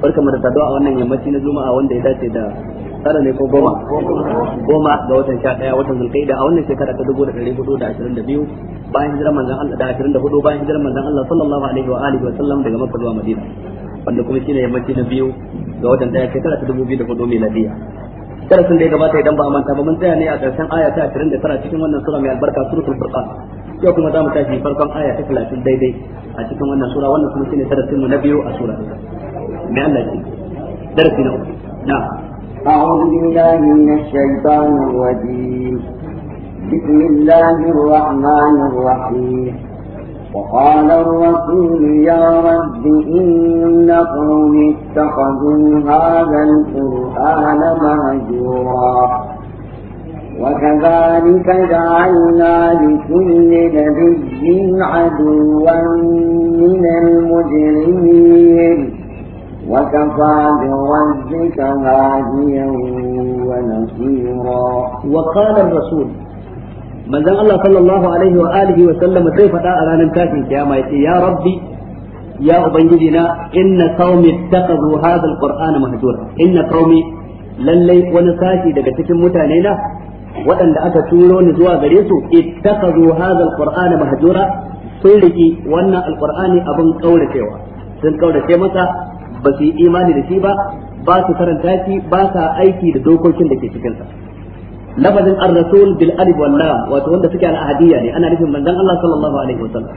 barka mu da saduwa a wannan yammaci na juma'a wanda ya dace da tsara ne ko goma goma ga watan sha daya watan zulkaida a wannan shekara ta dubu da ɗari hudu da ashirin da biyu bayan hijirar manzon Allah da ashirin da hudu bayan hijirar manzon Allah sallallahu alaihi wa alihi wa sallam daga Makka zuwa Madina wanda kuma shine yammaci na biyu ga watan daya shekara ta dubu biyu da hudu miladiya darasin da ya gabata idan ba a manta ba mun tsaya ne a ƙarshen aya ta tara cikin wannan sura mai albarka suratul furqan yau kuma za mu tashi farkon aya ta talatin daidai a cikin wannan sura wannan kuma shine darasin mu na biyu a sura بأن درس نعم أعوذ بالله من الشيطان الرجيم بسم الله الرحمن الرحيم وقال الرسول يا رب إن قومي اتخذوا هذا القرآن مهجورا وكذلك جعلنا لكل نبي عدوا من المجرمين وكفى بربك هاديا ونصيرا وقال الرسول manzon Allah sallallahu alaihi wa alihi wa sallam sai faɗa a ranar tashin kiyama yace ya rabbi ya ubangiji na inna qaumi ittakhadhu hadha alqur'ana mahjura inna qaumi lallai wani sashi daga cikin mutane na waɗanda aka turo ni zuwa gare su ittakhadhu hadha alqur'ana mahjura sun riki wannan alqur'ani abin kauracewa sun kaurace masa ba su yi imani da shi ba ba su karanta shi ba sa aiki da dokokin da ke cikin sa lafazin ar-rasul bil alif wal lam wato wanda suke al ahadiyya ne ana nufin manzon Allah sallallahu alaihi wasallam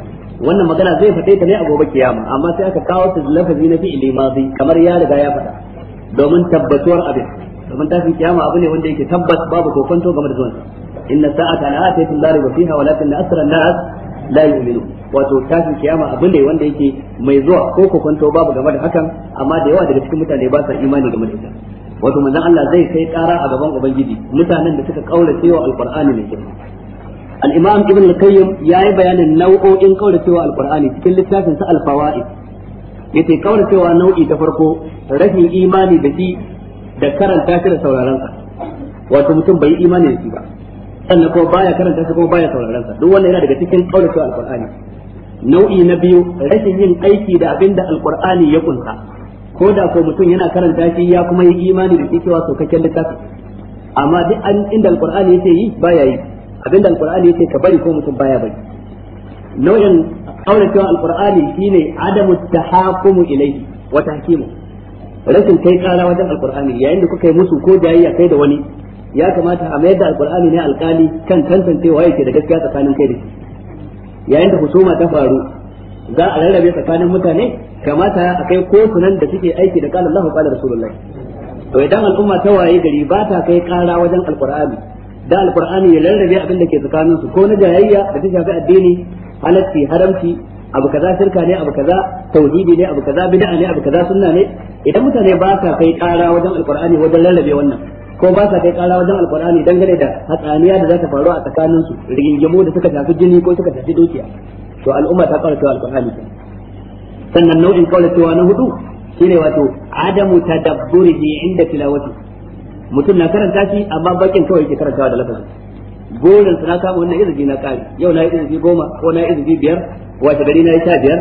wannan magana zai fade ta ne a gobe kiyama amma sai aka kawo ta lafazi na fi'ili madi kamar ya riga ya faɗa domin tabbatuwar abin domin tafi kiyama abu ne wanda yake tabbas babu kokonto game da zuwansa inna sa'ata la'ataytu la riba fiha walakin asra an-nas la yu'minu wato tashin kiyama abin da wanda yake mai zuwa ko kokonto babu game da hakan amma da yawa daga cikin mutane ba sa imani game da ita wato manzon Allah zai kai kara a gaban ubangiji mutanen da suka kaurace cewa alqur'ani ne kin al-imam ibn al-qayyim yayi bayanin nau'o'in kaurace cewa alqur'ani cikin littafin sa al-fawaid yace cewa nau'i ta farko rashin imani da shi da karanta shi da sauraron sa wato mutum bai imani da shi ba sannan kuma baya karanta shi kuma baya sauraron sa duk wannan yana daga cikin kaulacewa alqur'ani nau'i na biyu rashin yin aiki da abin da alqur'ani ya kunsa ko da ko mutum yana karanta shi ya kuma yi imani da cewa sokakken littafi amma duk an inda alqur'ani yake yi baya yi abin da alqur'ani yake ka bari ko mutum baya bari nau'in kaulacewa alqur'ani shine adamu tahakumu ilayhi wa tahkimu rashin kai kara wajen alqur'ani yayin da kuka yi musu ko jayayya kai da wani ya kamata a mayar da alkur'ani ne alkali kan tantancewa yake da gaskiya tsakanin kai da shi yayin da husuma ta faru za a rarrabe tsakanin mutane kamata a kai kotunan da suke aiki da qala Allahu qala rasulullahi to idan al'umma ta waye gari ba ta kai kara wajen alkurani da alkur'ani ya rarrabe abin da ke tsakanin su ko na jayayya da ta shafi addini halatti haramci abu kaza shirka ne abu kaza tauhidi ne abu kaza bid'a ne abu kaza sunna ne idan mutane ba ta kai kara wajen alkurani wajen rarrabe wannan ko ba sa kai kara wajen alkur'ani dangane da hatsaniya da za ta faru a tsakanin su rigingimu da suka tafi jini ko suka tafi dukiya to al'umma ta kaura cewa alkur'ani sannan nau'in kaura cewa na hudu shine wato adamu ta dabburi ne inda tilawati mutum na karanta shi amma bakin kawai yake karantawa da lafazin burin su na kama wannan izini na kari yau na yi izini goma ko na yi izini biyar wace gari na yi sha biyar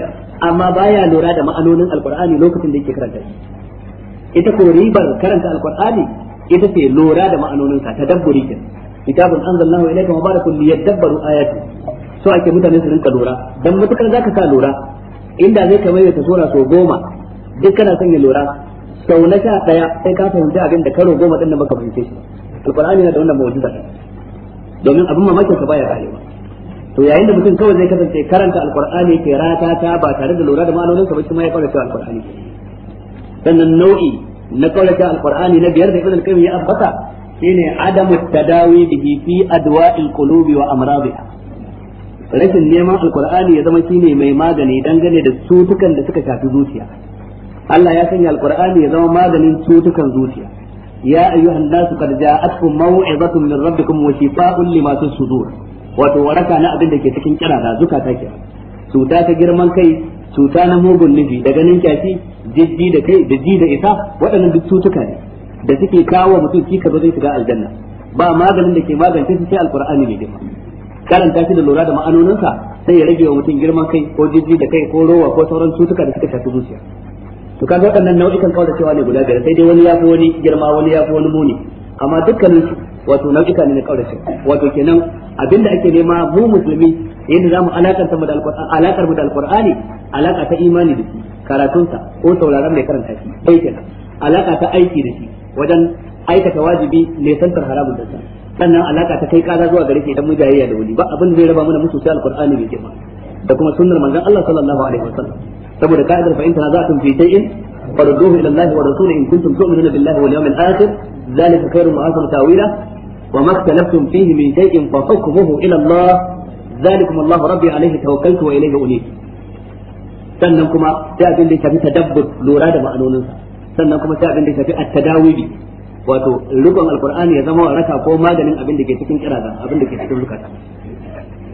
amma baya lura da ma'anonin alkur'ani lokacin da yake karanta shi ita ko ribar karanta alkur'ani ita ce lura da ma'anoninsa tadabburi ke kitabun anzalallahu ilayka mubarakun liyadabbaru ayati so ake mutane su rinka lura dan mutukan zaka sa lura inda zai ka ta sura so goma duk kana son ya lura sau na sha daya sai ka fahimci abin da karo goma din da baka fahimce shi alqur'ani yana da wannan mu'jiza domin abin mamakin ka baya rayuwa to yayin da mutum kawai zai kasance karanta alqur'ani ke rata ta ba tare da lura da ma'anoninsa ba shi ma ya fara cewa alqur'ani sannan nau'i na ta alkur'ani na biyar da ibn al-qayyim ya abbata shine adamu tadawi bihi fi adwa'il qulubi wa amradiha rashin neman alkur'ani ya zama shine mai magani dangane da cutukan da suka shafi zuciya Allah ya sanya alkur'ani ya zama maganin cutukan zuciya ya ayyuhan nasu qad ja'atkum maw'izatun min rabbikum wa shifaa'un lima fi sudur wato waraka na abin da ke cikin kirada zukata ke cuta ta girman kai cuta na mugun nufi da ganin kyashi Jiji da kai da ji da isa waɗannan duk cutuka ne da suke kawo mutum shi ka zai shiga aljanna ba maganin da ke magance su sai alqur'ani ne dai karanta shi da lura da ma'anoninsa sai ya rage wa mutum girman kai ko jiddi da kai ko rowa ko sauran cutuka da suka shafi zuciya to kaga waɗannan nau'ikan kawar cewa ne guda biyar sai dai wani ya fi wani girma wani ya fi wani muni amma dukkanin wato nau'ika ne na cewa wato kenan abinda ake nema mu musulmi yadda za mu da alakar mu da alqur'ani alaka ta imani da shi karatunsa ko sauraron mai karanta shi sai kenan alaka ta aiki da shi wajen aikata wajibi ne santar haramun da sa sannan alaka ta kai kaza zuwa gare shi idan mujayayya da wani ba abin zai raba mana musu sai alqur'ani mai girma da kuma sunnar manzon Allah sallallahu alaihi wasallam saboda ka'idar fa in tanaza'tum fi shay'in farduhu ila Allah wa rasuli in kuntum tu'minuna billahi wal yawmil akhir dhalika khairun wa ahsanu ta'wila wa ma ikhtalaftum fihi min shay'in fa hukmuhu ila Allah dhalikum Allah rabbi alayhi tawakkaltu wa ilayhi unib sannan kuma sai abin da ya shafi tadabbur lura da ma'anoninsa sannan kuma sai abin da ya shafi at-tadawibi wato rukun alqur'ani ya zama waraka ko maganin abin da ke cikin kiraza abin da ke cikin zukata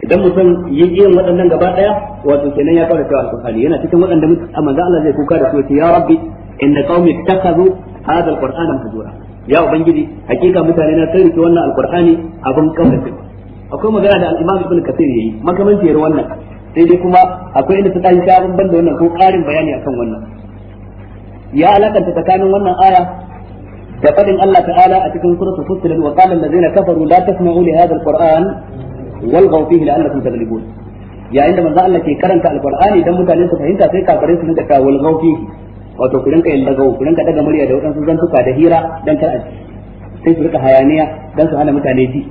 idan mutum yi yin waɗannan gaba ɗaya wato kenan ya fara cewa alqur'ani yana cikin waɗanda manzo Allah zai kuka da su ya rabbi inna qaumi ittakhadhu hadha alqur'ana mahjura ya ubangiji hakika mutane na sai rike wannan alqur'ani abin kawai akwai magana da al-imam ibn kathir yayi makamanci wannan sai dai kuma akwai inda ta tashi ta ban da wannan ko ƙarin bayani akan wannan ya alakanta tsakanin wannan aya da fadin Allah ta'ala a cikin suratul fussilat wa qala allazina kafaru la tasma'u li hadha alquran walghaw fihi la'allakum taghlibun yayin da manzo Allah ke karanta alqur'ani dan mutane su fahimta sai kafirai su rinka ta walghaw fihi wato ku rinka yin lagawo ku rinka daga murya da wadansu zantuka da hira dan kar a sai su rika hayaniya dan su hana mutane ji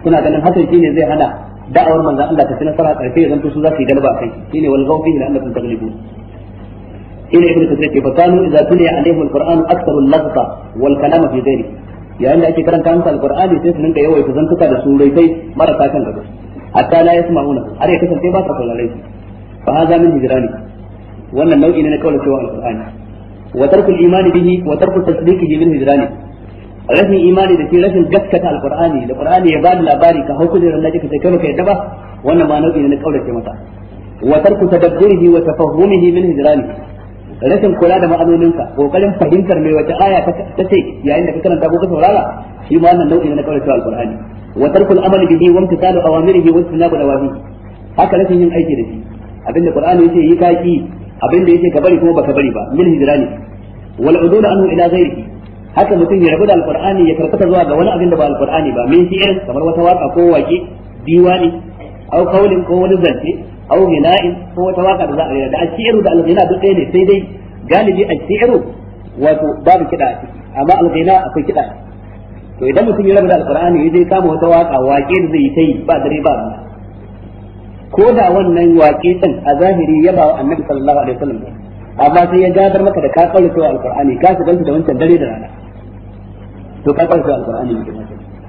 kuna ganin hakan shine zai hana da'awar manzon Allah ta ci nasara karfe ya zan su za su yi galba kai shine wal ghawfi ila annakum taglibun ina ibnu kasir ke fakanu idza tuliya alaihim alquran aktharu al-laghta wal kalama fi ghairi yayin da ake karanta musu alqur'ani sai su ninka yawaita zantuka da surai marasa kan gaba hatta la yasma'una har ya kasance ba sa saurare shi fa hadha min hijrani wannan nau'i ne na kaula cewa alqur'ani wa tarkul imani bihi wa tarkul tasdiqihi min hijrani rashin imani da shi rashin gaskata alqur'ani da qur'ani ya bada labari ka hau kujerar naji ka sai kai baka yadda ba wannan ma nau'i ne na kaurace masa wa tarku tadabburihi wa tafahhumihi min hijrani rashin kula da ma'anoninka kokarin fahimtar me wata aya ta ce yayin da ka karanta ko ka saurara shi ma wannan nau'i ne na kaurace alqur'ani wa tarku al'amali bihi wa imtithalu awamirihi wa istinabu nawahihi haka rashin yin aiki da shi abinda qur'ani yace yi kaki abinda yace ka bari kuma baka bari ba min hijrani wal anhu ila ghairihi haka mutum ya rabu da alqur'ani ya karkata zuwa ga wani abin da ba alqur'ani ba min irin kamar wata waka ko waƙe diwani au kaulin ko wani zance au gina'in ko wata waka da za a yi da ashiru da alghina duk ɗaya ne sai dai galibi ashiru wato babu kiɗa a ciki amma alghina akwai kiɗa to idan mutum ya rabu da alqur'ani ya je kama wata waka waƙe da zai yi ta yi ba dare ba ko da wannan waƙe din a zahiri ya ba wa annabi sallallahu alaihi wasallam amma sai ya gadar maka da ka kaura cewa alqur'ani ka ganta da wancan dare da rana to ka kaura cewa alqur'ani ne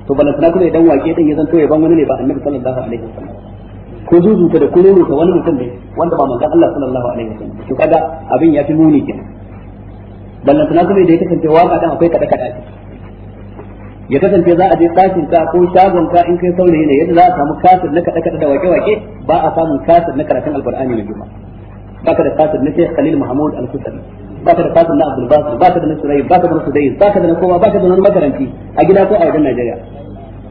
to balan sana kuma idan wake din ya zanto ya ban wani ne ba annabi sallallahu alaihi wasallam ko zuzuta da kururu ka wani mutum ne wanda ba manzon Allah sallallahu alaihi wasallam to kaga abin ya fi muni kenan balan sana kuma idan ya kasance waka dan akwai kada kada ya kasance za a je kasin ka ko shagon ka in kai saurayi ne yadda za a samu kasin na kaɗa-kaɗa da wake wake ba a samun kasin na karatun alkur'ani na juma'a baka da kasir na Sheikh Khalil Muhammad Al-Kusari baka da kasir na Abdul Basir baka da na Surai baka da na Sudai baka da na kowa baka da na makaranti a gida ko a wajen Najeriya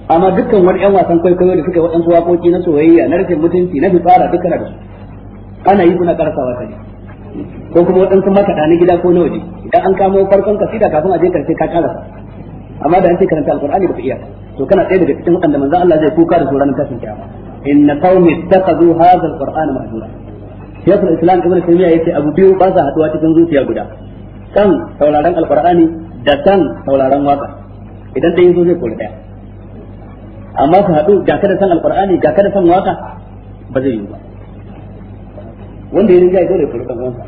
amma dukkan wani yan wasan kwaikwayo da suka yi waɗansu waƙoƙi na soyayya na rashin mutunci na fitsara duka da su ana yi kuna karasawa ta ne ko kuma waɗansu makaɗa na gida ko na waje idan an kamo farkon kasida kafin a je karshe ka karasa amma da an ce karanta alqur'ani baka iya to kana ɗaya daga cikin waɗanda manzon Allah zai kuka da su ranar tashin kiyama inna qaumi ittakhadhu hadha alqur'ana mahjura shekul islam ibn taymiya yace abu biyu ba sa haduwa cikin zuciya guda kan sauraron alqur'ani da kan sauraron waka idan dai yazo zai kore daya amma su hadu ga kada san alqur'ani ga kada san waka ba zai yi ba wanda yayin ya dole kore kan waka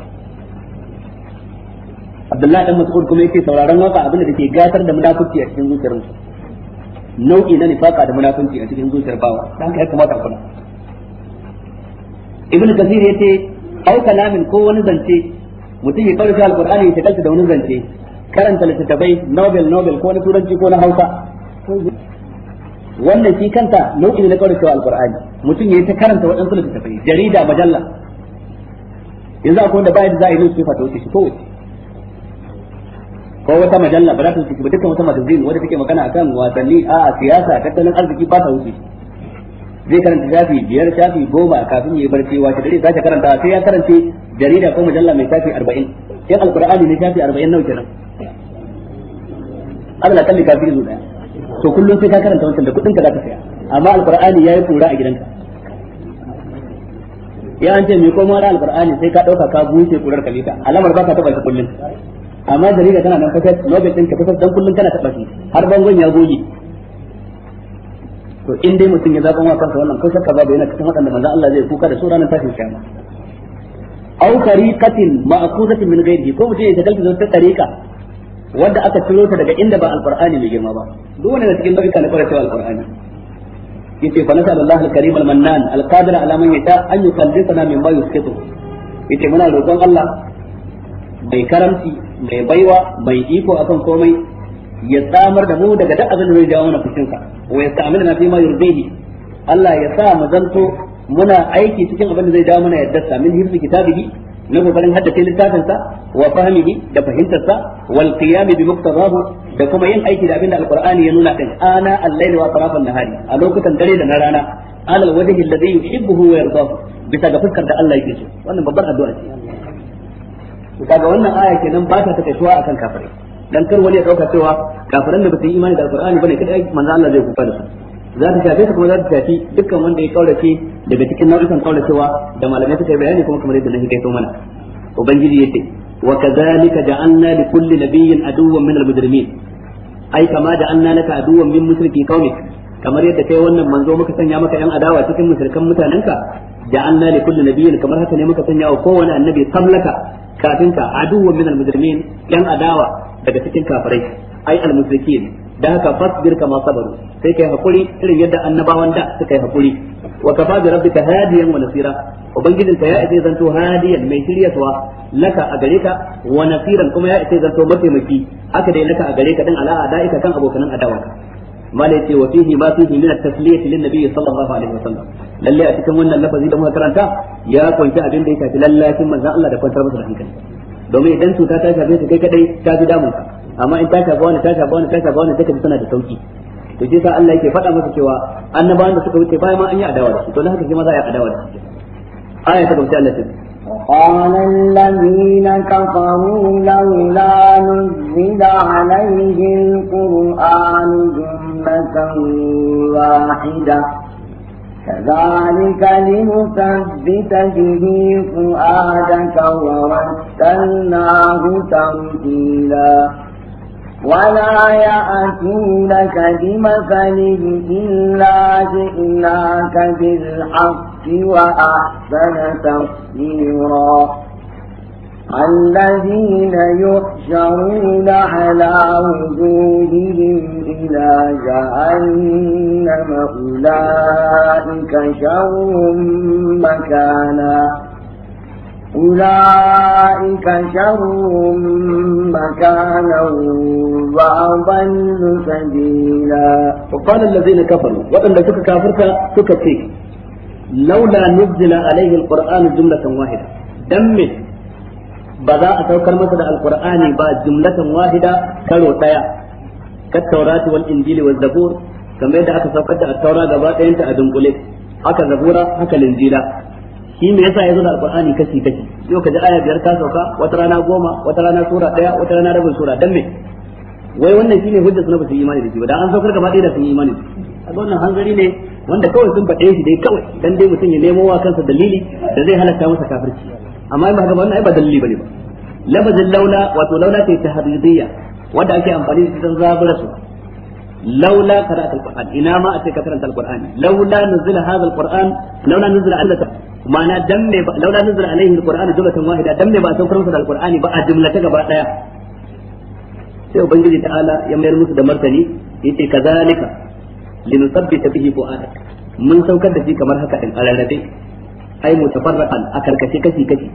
Abdullahi dan Mas'ud kuma yake sauraron waka abin da ke gatar da munafiki a cikin zuciyarsa nau'i na nifaka da munafunci a cikin zuciyar bawa dan kai kamata kula ibnu kasir yace au kalamin ko wani zance mutum ya karanta alqur'ani ya takalta da wani zance karanta littattafai nobel nobel ko na turanci ko na hausa wannan shi kanta nau'i na karanta alqur'ani mutum ya ta karanta waɗansu littattafai jarida majalla yanzu akwai wanda baya da za a yi newspaper fata wuce shi ko ko wata majalla ba za ta wuce ba dukkan wata magazine wadda take magana akan wasanni a siyasa tattalin arziki ba ta wuce zai karanta shafi biyar shafi goma kafin ya yi barci wace dare za ta karanta sai ya karanta jarida ko mujalla mai shafi arba'in in alkur'ani ne shafi arba'in nawa kenan Allah kalli kafin zuwa daya to kullum sai ka karanta wancan da kudin ka ta saya amma alkur'ani yi kura a gidanka ya an ce mai koma da alkur'ani sai ka dauka ka bushe kurar kalita alamar ba ka taba shi kullum amma jarida tana nan fasar nobel ɗin ka fasas dan kullum kana taba shi har bangon ya goge to in dai mutum ya zaɓa wa kansa wannan ko shakka babu yana cikin waɗanda manzo Allah zai kuka da su ranar tashin kiyama aw tariqatin ma'qusatin min ghairihi ko mutum ya shagalta da wata tariqa wanda aka ciro ta daga inda ba alqur'ani mai girma ba duk wanda cikin barka na fara cewa alqur'ani yace fa nasal Allah al-karim al-mannan al-qadir ala man yata an suke mimma yusqitu yace muna roƙon Allah mai karamci mai baiwa mai iko akan komai ya samar da mu daga duk abin da zai jawo mana fushin sa wa yastamilna fi ma yurdihi Allah ya sa mu zanto muna aiki cikin abin da zai jawo mana yadda sa min hirsi kitabihi na kokarin haddace littafin sa wa fahimihi da fahimtar sa wal qiyam bi muqtadahu da kuma yin aiki da abin da alqur'ani ya nuna din ana al-layl wa tarafan nahari a lokutan dare da na rana alal wajhi alladhi yuhibbuhu wa yardahu bisa ga fuskar da Allah yake so wannan babbar addu'a ce kaga wannan aya kenan ba ta takaituwa akan kafirai dan kar wani ya dauka cewa kafiran da ba yi imani da alqur'ani bane kada manzo Allah zai kuka da su za ta shafe su kuma za ta shafi dukkan wanda ya kaurace daga cikin nau'ikan kauracewa da malamai suka yi bayani kuma kamar yadda na shi kai mana ubangiji yace wa kadhalika ja'alna li kulli nabiyyin aduwwan min al-mujrimin ai kama da anna laka aduwwan min mushriki qaumik kamar yadda kai wannan manzo muka sanya maka yan adawa cikin mushrikan mutanenka ja'alna li kulli nabiyyin kamar haka ne muka sanya wa kowane annabi samlaka kafin ka aduwwan min al-mujrimin yan adawa daga cikin kafirai ai almusrikin da haka fasbir kama sabaru sai kai hakuri irin yadda annabawan da suka yi hakuri wa kafa bi rabbika hadiyan wa nasira ubangijinka ya isa zanto hadiyan mai shiryatwa laka a gare ka wa nasiran kuma ya isa zanto mataimaki aka dai laka a gare ka din ala da'ika kan abokanan adawa malai ce wa fihi ma fihi min at-tasliyah lin nabiy sallallahu alaihi sallam. lalle a cikin wannan lafazi da muka karanta ya kunshi abin da ya tafi lallacin manzon Allah da kwantar masa da hankali domin idan cuta ta shafe su kai kadai ta fi damun ka amma in ta shafa wani ta shafa wani ta shafa wani take tana da sauki to shi sa Allah yake faɗa masa cewa annabawan da suka wuce bayan ma an yi adawa da su to dan haka shi ma za a yi adawa da su aya ta gaba Allah ta قال الذين كفروا لولا نزل عليه القرآن جملة واحدة كذلك لنثبت به فؤادك ورتلناه ترتيلا ولا يأتونك بمثل إلا جئناك بالحق وأحسن تفسيرا الذين يحشرون على وجوههم إلى جهنم أولئك شر مكانا أولئك شر مكانا وأضل سبيلا وقال الذين كفروا وأن لك كافرك تكفيك لولا نزل عليه القرآن جملة واحدة دمت ba za a saukar masa da alqur'ani ba jumlatan wahida karo daya Ka tawrati wal injili waz zabur kamar yadda aka saukar da taura gaba dayanta a dunkule haka zabura haka linjila shi me yasa yazo da alqur'ani kashi kashi yau kaji aya biyar ta sauka wata rana goma wata rana sura daya wata rana rabin sura dan me wai wannan shine hujja suna ba su imani da shi ba da an saukar gaba ɗaya da sun yi imani a wannan hanzari ne wanda kawai sun faɗe shi dai kawai dan dai mutum ya nemo wa kansa dalili da zai halatta masa kafirci amma in ba haka wannan ai ba dalili bane ba lafazin laula wato laula ce ta hadidiyya wanda ake amfani da ita zabura su laula qira'at alquran ina ma a ce ka karanta alquran laula nuzila hadha alquran laula nuzila alla ta ma'ana dan me laula nuzila alaihi alquran jumlatan wahida dan me ba saukar masa alqurani ba a jumla ta gaba daya sai ubangiji ta'ala ya mayar musu da martani yace kazalika linusabbita bihi fu'adak mun saukar da shi kamar haka din alalade ai mutafarraqan a karkace kashi kashi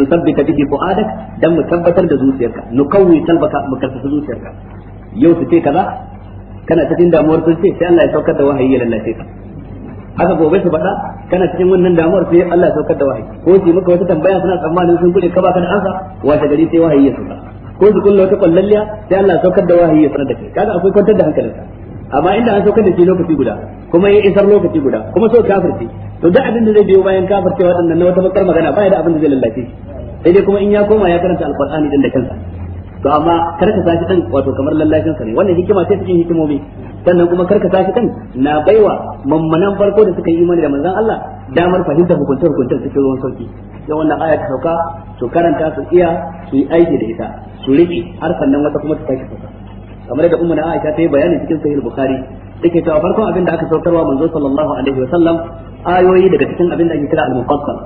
nusabbita bihi fuadak dan mu tabbatar da zuciyarka nukawwi talbaka mu karkace zuciyarka yau su ce kaza kana cikin damuwar sun ce sai Allah ya saukar da wahayi ya lallace ka haka gobe su faɗa kana cikin wannan damuwar sai Allah ya saukar da wahayi ko ji maka wata tambaya suna tsammanin sun gure ka ba ka da ansa wata gari sai wahayi ya saukar ko su kullu wata kallalliya sai Allah ya saukar da wahayi ya sanar da kai kaga akwai kwantar da hankalinka amma inda an saukar da shi lokaci guda kuma ya isar lokaci guda kuma so kafirce to duk abin da zai biyo bayan kafirce waɗannan na wata bakar magana ba ya da abin da zai lallace shi sai dai kuma in ya koma ya karanta alqur'ani din da kansa to amma karka tashi din wato kamar lallashin sa ne wannan hikima ce cikin hikimomi sannan kuma karka tashi din na baiwa mammanan farko da suka yi imani da manzon Allah damar fahimtar hukuntar hukuntar cikin ruwan sauki dan wannan aya ta sauka to karanta su iya su yi aiki da ita su riƙe har sannan wata kuma ta sake sauka kamar da ummu na Aisha ta yi bayani cikin sahih Bukhari take cewa farkon abin da aka saukarwa manzo sallallahu alaihi wa sallam ayoyi daga cikin abin da ake kira al-muqassal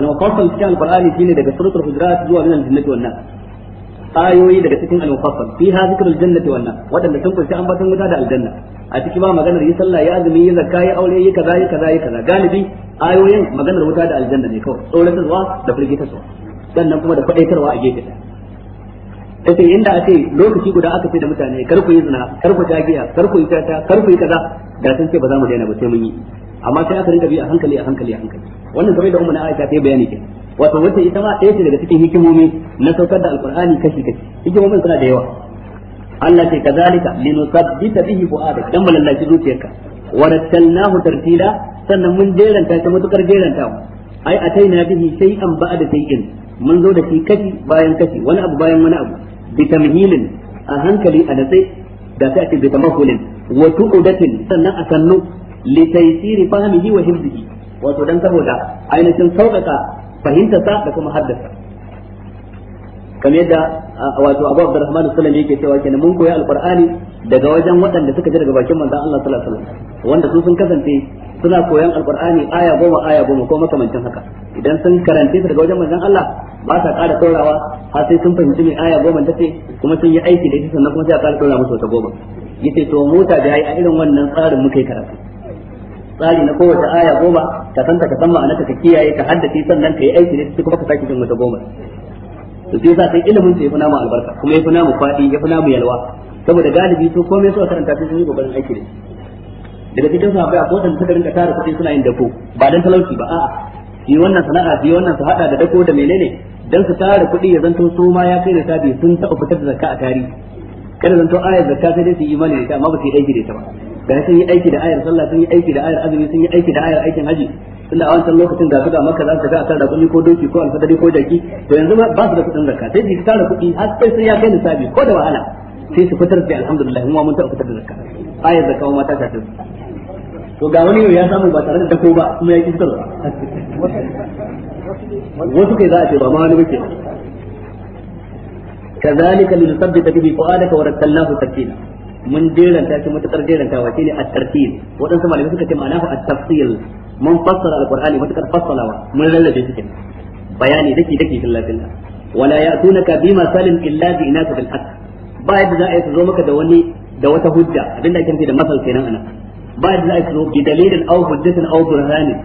al-muqassal cikin al-Qur'ani shine daga suratul hujurat zuwa min al-jannati wannan. ayoyi daga cikin al-muqassal fiha zikrul jannati wannan nar wadanda sun kunshi ambaton wuta da aljanna a ciki ba maganar yi sallah ya azumi yi zakka ya aure yi kaza yi kaza yi kaza galibi ayoyin maganar wuta da aljanna ne kawai tsoratarwa da firgitarwa sannan kuma da faɗaitarwa a gefe ɗaya tace inda ake lokaci guda aka ce da mutane kar ku yi zina kar ku jagiya kar ku yi tata kar ku yi kaza da sun ce ba za mu daina ba sai mun yi amma sai aka rinka bi a hankali a hankali a hankali wannan kamar da umma na Aisha ta yi bayani kenan wato wata ita ma ɗaya ce daga cikin hikimomi na saukar da alqur'ani kashi kashi hikimomin suna da yawa Allah ce kazalika linusabbita bihi bu'ada dan malallaci zuciyarka wa rattalnahu tartila sannan mun jeranta ta mutukar jeranta ai ataina bihi shay'an ba'da shay'in mun zo da shi kashi bayan kashi wani abu bayan wani abu Bitamin tamhilin a hankali a natse da sai bitamin bi tamahulin wa tu'udatin sannan a sannu li taysiri fahmihi wa hifzihi wato dan saboda ainihin sauƙaƙa fahimtarsa da kuma haddasa kamar yadda wato Abu Abdurrahman sallallahu yake cewa kenan mun koya alqur'ani daga wajen waɗanda suka ji daga bakin manzon Allah sallallahu wanda su sun kasance suna koyan alkur'ani aya goma aya goma ko makamancin haka idan sun karanta su daga wajen manzon Allah ba sa ƙara ɗorawa har sai sun fahimci mai aya goma take kuma sun yi aiki da ita sannan kuma sai a ƙara ɗora musu wata goma yace to mota da yayi a irin wannan tsarin muka yi karatu tsari na kowace aya goma ka santa ka san ma'anarta ka kiyaye ka haddace sannan ka yi aiki da ita kuma ka saki jin wata goma to sai yasa sai ilimin su yafi namu albarka kuma yafi namu faɗi yafi namu yalwa saboda galibi su komai su karanta sun yi gobarin aiki da daga cikin sahabbai a wadanda suka rinka tara kuɗi suna yin dako ba dan talauci ba a'a yi wannan sana'a yi wannan su hada da dako da menene dan su tara kuɗi ya zanto su ma ya kai da sabi sun taɓa fitar da zakka a tarihi kada zanto ayar zakka sai dai su yi imani da ita amma ba su yi aiki da ita ba ga sun yi aiki da ayar sallah sun yi aiki da ayar azumi sun yi aiki da ayar aikin haji tunda a wancan lokacin da suka maka za su ga akan rakumi ko doki ko alfadari ko jaki to yanzu ba su da kuɗin zakka sai su tara kuɗi har sai sun ya kai nisabi ko da wahala sai su fitar da alhamdulillah mu mun ta fitar da zakka ayar zakka ma ta shafe to ga wani yau ya samu ba tare da dako ba kuma ya yi kisar ba wasu kai za a ce ba ma wani muke kazalika lil sabbita bihi fuadaka wa rattalnahu tartila mun jeranta shi matakar jerantawa shine at-tartil wadansu malamai suka ce ma'ana fa at-tafsil mun fassara al-qur'ani matakar fassalawa mun lallabe shi bayani dake dake billah billah wala ya'tunaka bima salim illa bi inaka bil haqq ba yadda za a yi zo maka da wani da wata hujja abinda ake nufi da masal kenan anan ba da za zo bi dalilin aw hujjatin aw burhanin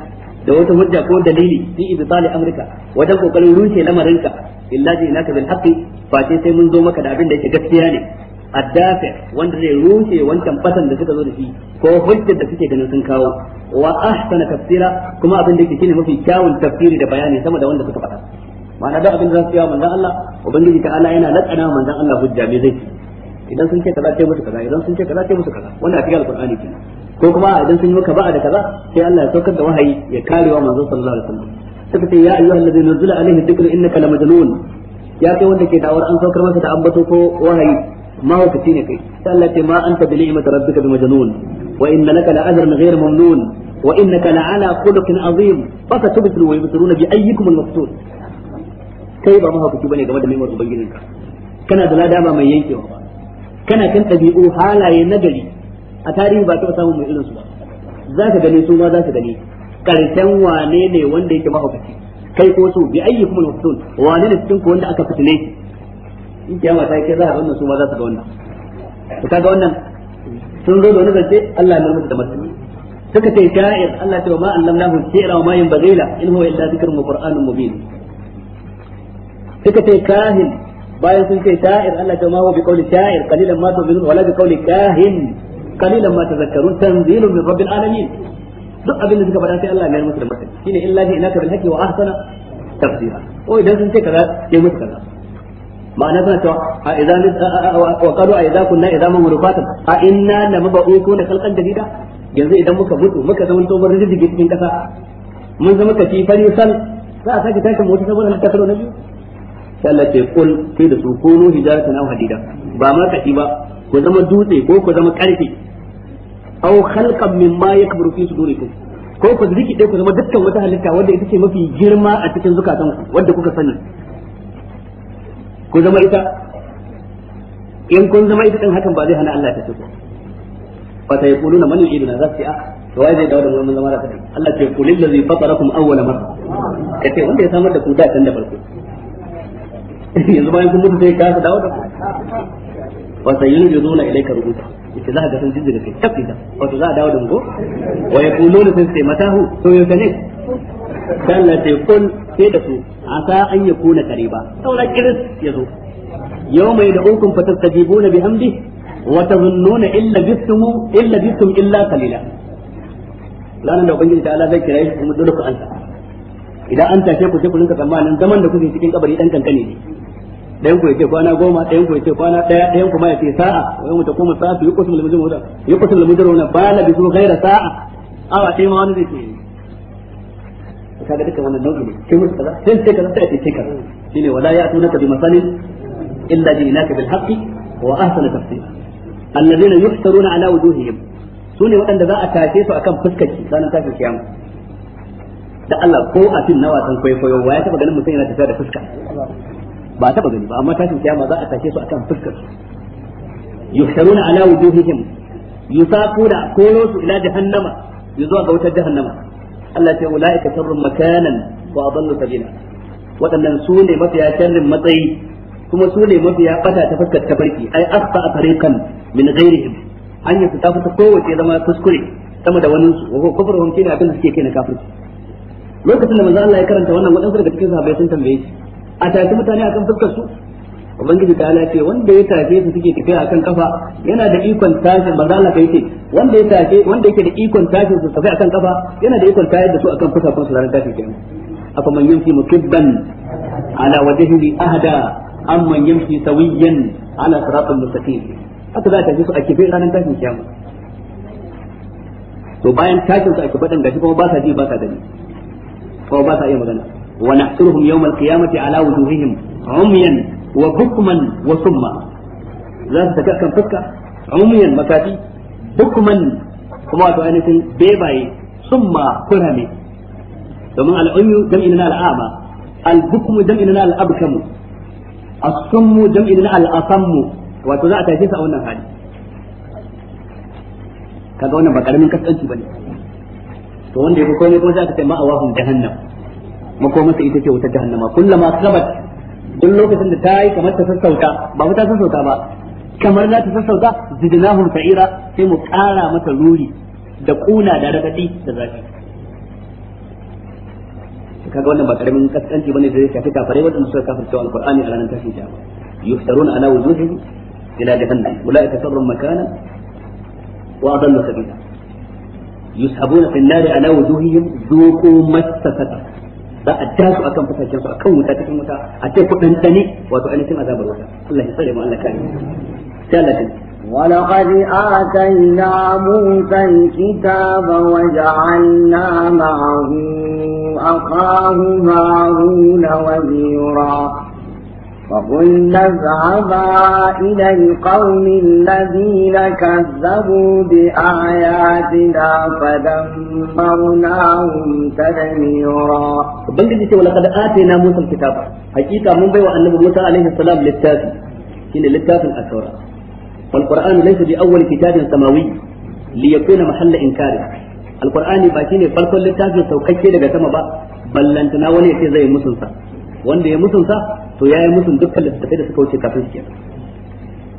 da wata hujja ko dalili fi ibtali amrika wajen kokarin rushe ka illa ji naka bil haqqi fa sai sai mun zo maka da abin da yake gaskiya ne addafi wanda zai rushe wancan fatan da suka zo da shi ko hujjar da suke ganin sun kawo wa ahsana tafsira kuma abin da yake shine mafi kyawun tafsiri da bayani sama da wanda suka faɗa ma'ana abin da Allah yana lakana manzon Allah hujja me zai idan sun ce kaza ce musu kaza idan sun ce kaza ce musu kaza wannan a cikin alqur'ani kenan ko kuma idan sun yi maka ba'a da kaza sai Allah ya saukar da wahayi ya karewa manzo sallallahu alaihi wasallam suka ce ya ayyuhal ladzina nuzila alaihi dhikru innaka lamajnun ya kai wanda ke da'awar an saukar masa da ambato ko wahayi mahaukaci ne kai sai Allah ce ma anta bi ni'mati rabbika bi majnun wa inna laka la ajran ghayr mamnun wa innaka la ala khuluqin azim fa satubtu wa yubsiruna bi ayyikum al-maftun kai ba mahaukaci bane game da ni'mar ubangijinka kana da ladama mai yankewa kana kan dabi'u halaye nagari a tarihi ba taɓa samun mai irinsu ba za ka gani su ma za ka gani karshen wane ne wanda yake mahaukaci kai ko su bi ayyi kuma mutum wane ne cikin ku wanda aka fitine shi in kiyama ta kai za a wannan su ma za su ga wannan to kaga wannan sun zo da wani zance Allah ya mulmuta da martani suka ce sha'ir Allah ta ma allamnahu shi'ra wa ma yanbaghila in huwa illa dhikrun wa qur'anun mubin suka ce kahin bayan sun ce sha'ir Allah ta ma huwa bi qawli sha'ir qalilan ma tu'minun wala bi qawli kahin qalilan ma tadhakkarun tanzilun min rabbil alamin duk abin da suka faɗa sai Allah ya mayar musu da masani shine illa ji ina bil haqqi wa ahsana tafsira ko idan sun ce kaza sai musu kaza ma'ana suna cewa a idan wa qalu a idan kunna idan mun rufatan a inna lamabaquna khalqan jadida yanzu idan muka mutu muka zama to mun rijige cikin kasa mun zama kaci fari sal za a sake tashi mutu saboda halitta karo na biyu sai Allah ce kul sai da su kunu hijaratan aw hadida ba ma kaci ba ku zama dutse ko ku zama karfe aw khalqan mimma yakburu fi sudurikum ko ku zuki dai ku zama dukkan wata halitta wanda ita ce mafi girma a cikin ku wanda kuka sani ku zama ita in kun zama ita din hakan ba zai hana Allah ta tuko fa ta yaquluna man yu'iduna za su ah, to wai zai dawo da mu mun zama da kai Allah ce kulil ladzi fatarakum awwala marra kace wanda ya samar da ku da tun da farko yanzu bayan kun mutu sai ka dawo da ku wa sayunjiduna ilayka rubuta ita za ga sun jijjiga kai tafida wato za a dawo da mu wa yaquluna sun sai matahu to yau ne dan na sai kun sai da su a asa an yakuna qariba saura kiris yazo yawma yad'ukum fatastajibuna bihamdi wa tazunnuna illa bistum illa bistum illa qalila lanan da ubangiji ta Allah zai kira shi kuma dole ku ansa idan an tashe ku sai ku rinka tsammanin zaman da kuke cikin kabari dan kankane ne ɗayan ku ce kwana goma ɗayan ku ce kwana ɗaya ɗayan ku ma ce sa'a kuma sa'a taqumu sa'atu yuqsimu al-mujrimuna yuqsimu al-mujrimuna bala bi su ghaira sa'a awa sai ma wani zai ce kaga duka wannan nau'i ne kai musu kaza sai sai kaza sai sai kaza ne wala ya ya'tunaka bi masalin illa jinaka bil haqqi wa ahsana tafsira alladhina yuhtaruna ala wujuhihim ne waɗanda za a tashe su akan fuskar ki sanan tashin kiyama da Allah ko a fil na wasan kwaikwayo wa ya taba ganin mutum yana tafiya da fuska ba taba gani ba amma tashin kiyama za a tashe su akan fuskar su yuhsaruna ala wujuhihim yusaquna su ila jahannama yuzuwa ga wutar jahannama Allah ce ulaika sharrun makanan wa adallu sabila waɗannan su ne mafiya sharrin matsayi kuma su ne mafiya bata ta fuskar tabarki ai asfa tariqan min ghairihim hanyar su ta fita kowace zama kuskure sama da wani su wa kufruhum shine abin da suke kai na kafirci lokacin da manzo Allah ya karanta wannan waɗansu daga cikin sahabbai sun tambaye shi a tafi mutane akan fuskar su ubangiji ta ce wanda ya tafe su suke tafiya akan kafa yana da ikon tafi manzo Allah kai ce wanda ya tafe wanda yake da ikon tafi su tafi akan kafa yana da ikon tayar da su akan fuskar su ranar tafi kenan afa man yamshi mukibban ala wajhihi ahada amman yamshi sawiyan ala siratil mustaqim haka za ta tafi su a kife ranar tashin kiyama to bayan tashin su a kife dan gashi kuma ba sa ji ba sa gani kuma ba sa iya magana ونحشرهم يوم القيامة على وجوههم عميا وبكما وصما za su a tafi sa hali karamin makomarsa ita ce wutar jahannama kullama sabat duk lokacin da ta yi kamar ta sassauta ba ta sassauta ba kamar na ta sassauta zidnahum sa'ira sai mu ƙara mata ruri da kuna da radadi da zafi kaga wannan ba karamin kaskanci bane da zai shafi kafirai wadanda suka kafirta alqur'ani a ranar tashin kiyama yuhtaruna ala wujuhihim ila jahannam ulaika sarrun makana wa adallu sabila yushabuna fi an-nari ala wujuhihim dhuqu massa za a ja akan fasaken su akan wuta cikin wuta a ce ku dantane wato ainihin azabar wuta Allah ya tsare mu Allah kare sai Allah ya ولقد آتينا موسى الكتاب وجعلنا معه أخاه هارون وزيرا فقلنا اذهبا إلى القوم الذين كذبوا بآياتنا فدمرناهم تدميرا بل جئت ولقد آتينا موسى الكتاب حقيقة من بيوى أن موسى عليه السلام للتافي إن للتافي التوراة والقرآن ليس بأول كتاب سماوي ليكون محل إنكاره القرآن باكين فالكل للتافي سوكي لغتم با بل لن تناولي في زي مسلسة وان دي مسلسة to yayi musun dukkan littattafai da suka wuce kafin shi kenan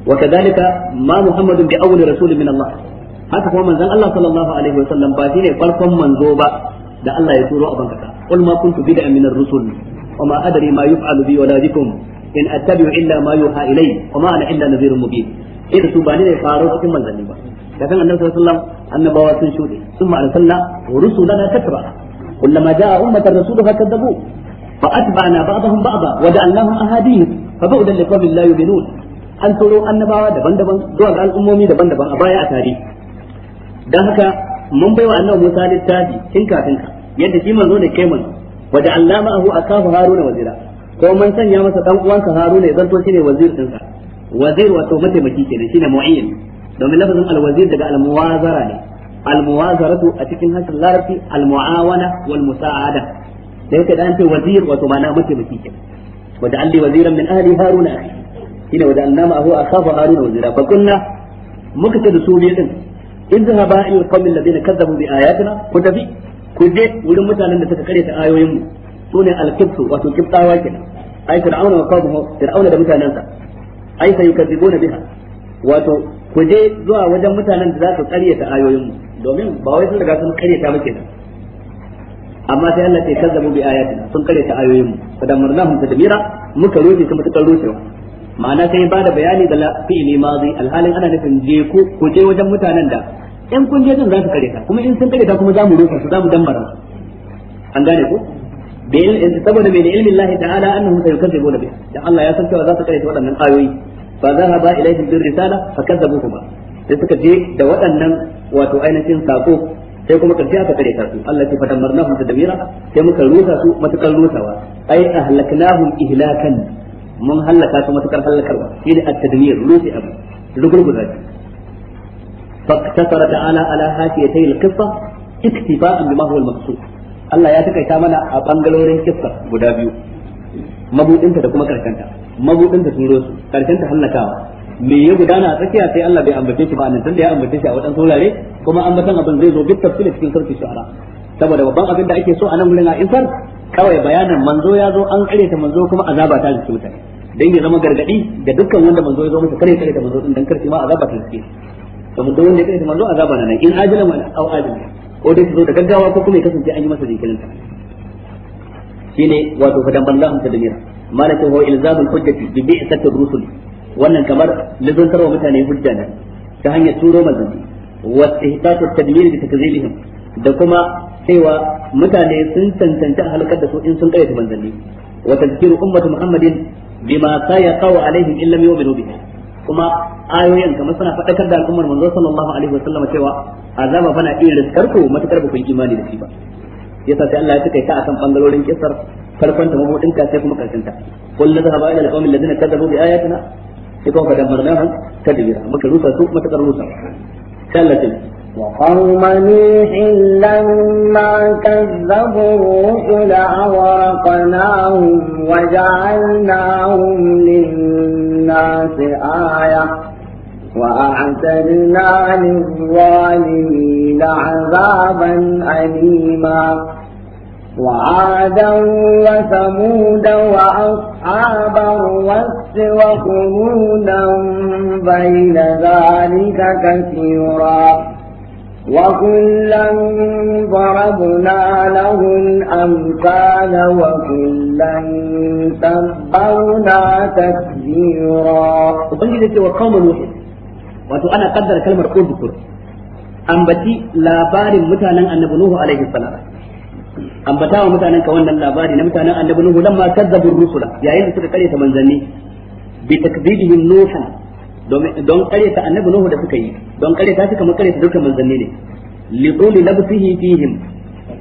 wa kadhalika ma muhammadun bi awwal da min Allah haka kuma manzon Allah sallallahu alaihi wasallam ba shine farkon manzo ba da Allah ya turo a bankaka qul ma kuntu bid'an min ar-rusul wa ma adri ma yuf'alu bi wala bikum in attabi'u illa ma yuha ilayya wa ma ana illa nadhirun mubin idan eh, su ba ne faro cikin manzanni ba kafin annabi sallallahu alaihi annabawa sun shuɗe sun ummatan فأتبعنا بعضهم بعضا وجعلناهم أحاديث فبعدا لقوم لا يؤمنون an turo annabawa daban-daban zuwa ga al'ummomi daban-daban a baya a tare don haka mun baiwa annabi Musa littafi tun kafin ka yadda shi manzo ne kai manzo wa ja'alna ma'ahu akahu haruna wazira ko mun sanya masa dan uwansa haruna ya zanto shine wazir din sa wazir wato mataimaki kenan shine mu'in domin lafazin al-wazir daga al-muwazara ne al-muwazaratu a cikin hasan larabci al-mu'awana wal musa'ada dan kada an ce wazir wato ma'ana mataimaki kenan wanda alli waziran min ahli haruna akhi shine wanda annama hu akhafa haruna wazira fa kunna muka ce da su biyu din idhaba ila qawmin ladina kazzabu bi ayatina ku tafi ku je wurin mutanen da suka kare ta ayoyin mu sune al-kibtu wato kibtawa kenan ai fir'auna wa qawmuhu fir'auna da mutanansa ai sayukazibuna biha wato ku je zuwa wajen mutanen da za su ta ayoyin mu domin ba wai sun riga sun ta muke nan amma sai Allah ya kazzabu bi ayatina sun kare ta ayoyin mu fadamarnahum tadmira muka rufe su mutakar rufe ma'ana sai ba da bayani da fi'li madi alhalin ana nufin je ku ku je wajen mutanen da in kun je din za su kare ta kuma in sun kare ta kuma za mu rufe su za mu dambara an gane ku saboda mai ilmin Allah ta'ala annahu sayukazzibuna bi da Allah ya san cewa za su kare ta waɗannan ayoyi fa zahaba ilayhim bir risala fakazzabuhuma sai suka je da waɗannan wato ainihin sako sai kuma karshe aka tsare ta su Allah ya fatan marnahum tadmira sai muka rusa su matakar rusawa ai ahlaknahum ihlakan mun halaka su matakar halakarwa shine at-tadmir rusi abu da shi ala تعالى على هاتيتي القصة اكتفاء بما هو المقصود Allah ya takaita mana a bangarorin kissa guda biyu mabudinta da kuma karkanta mabudinta sun rosu karkanta halakawa. me ya gudana a tsakiya sai Allah bai ambace shi ba nan tunda ya ambace shi a wadan saurare kuma ambatan abin zai zo bit tafsir cikin sarki shara. saboda babban abin da ake so a nan gurin a isar kawai bayanin manzo ya zo an kare ta manzo kuma azaba ta jiki mutane dan ya zama gargadi ga dukkan wanda manzo ya zo masa kare kare ta manzo din dan karshe ma azaba ta jiki kuma duk wanda ya kare ta manzo azaba na nan in ajilan au ajila ko dai zo da gaggawa ko kuma ya kasance an yi masa jinkirin ta shine wato fadan banza hamsa da mira malaka huwa ilzamul hujjati bi bi'sati rusul wannan kamar lazantar wa mutane hujja ne ta hanyar turo manzanni wa ihtasu tadmir bi takzibihim da kuma cewa mutane sun tantance halakar da su in sun kayyata manzanni wa tadhkiru ummatu muhammadin bima sayaqaw alaihim illam yu'minu bihi kuma ayoyin kamar suna faɗakar da al'ummar manzo sallallahu alaihi wa wasallam cewa azaba na iya riskar ku matakar ba ku imani da shi ba yasa sai Allah ya takaita akan bangarorin kisar farkon ta mabudin ka sai kuma karshen ta kullu dhahaba ila alqawmi alladhina kadzabu bi ayatina sai kuma fadan barnahum tadbira muka rusa su matakar rusa sai Allah ta وقوم نوح لما كذبوا الرسل أغرقناهم وجعلناهم للناس آية وأعتدنا للظالمين عذابا أليما وعادا وثمودا وأصحاب الرس وقرونا بين ذلك كثيرا وكلا ضربنا له الأمثال وكلا تبرنا تكبيرا وقلت وقوم نوح قدر كلمة kaddara kalmar uzukur لا بار mutanen أن نبنوه عليه salam ambata wa mutanen ka wannan labari na mutanen annabi nuhu lamma kazzabu rusula yayin da suka kare ta manzanni bi takdibihim nuhan don kare ta annabi nuhu da suka yi don kare ta suka makare ta dukkan manzanni ne li quli labsihi fihim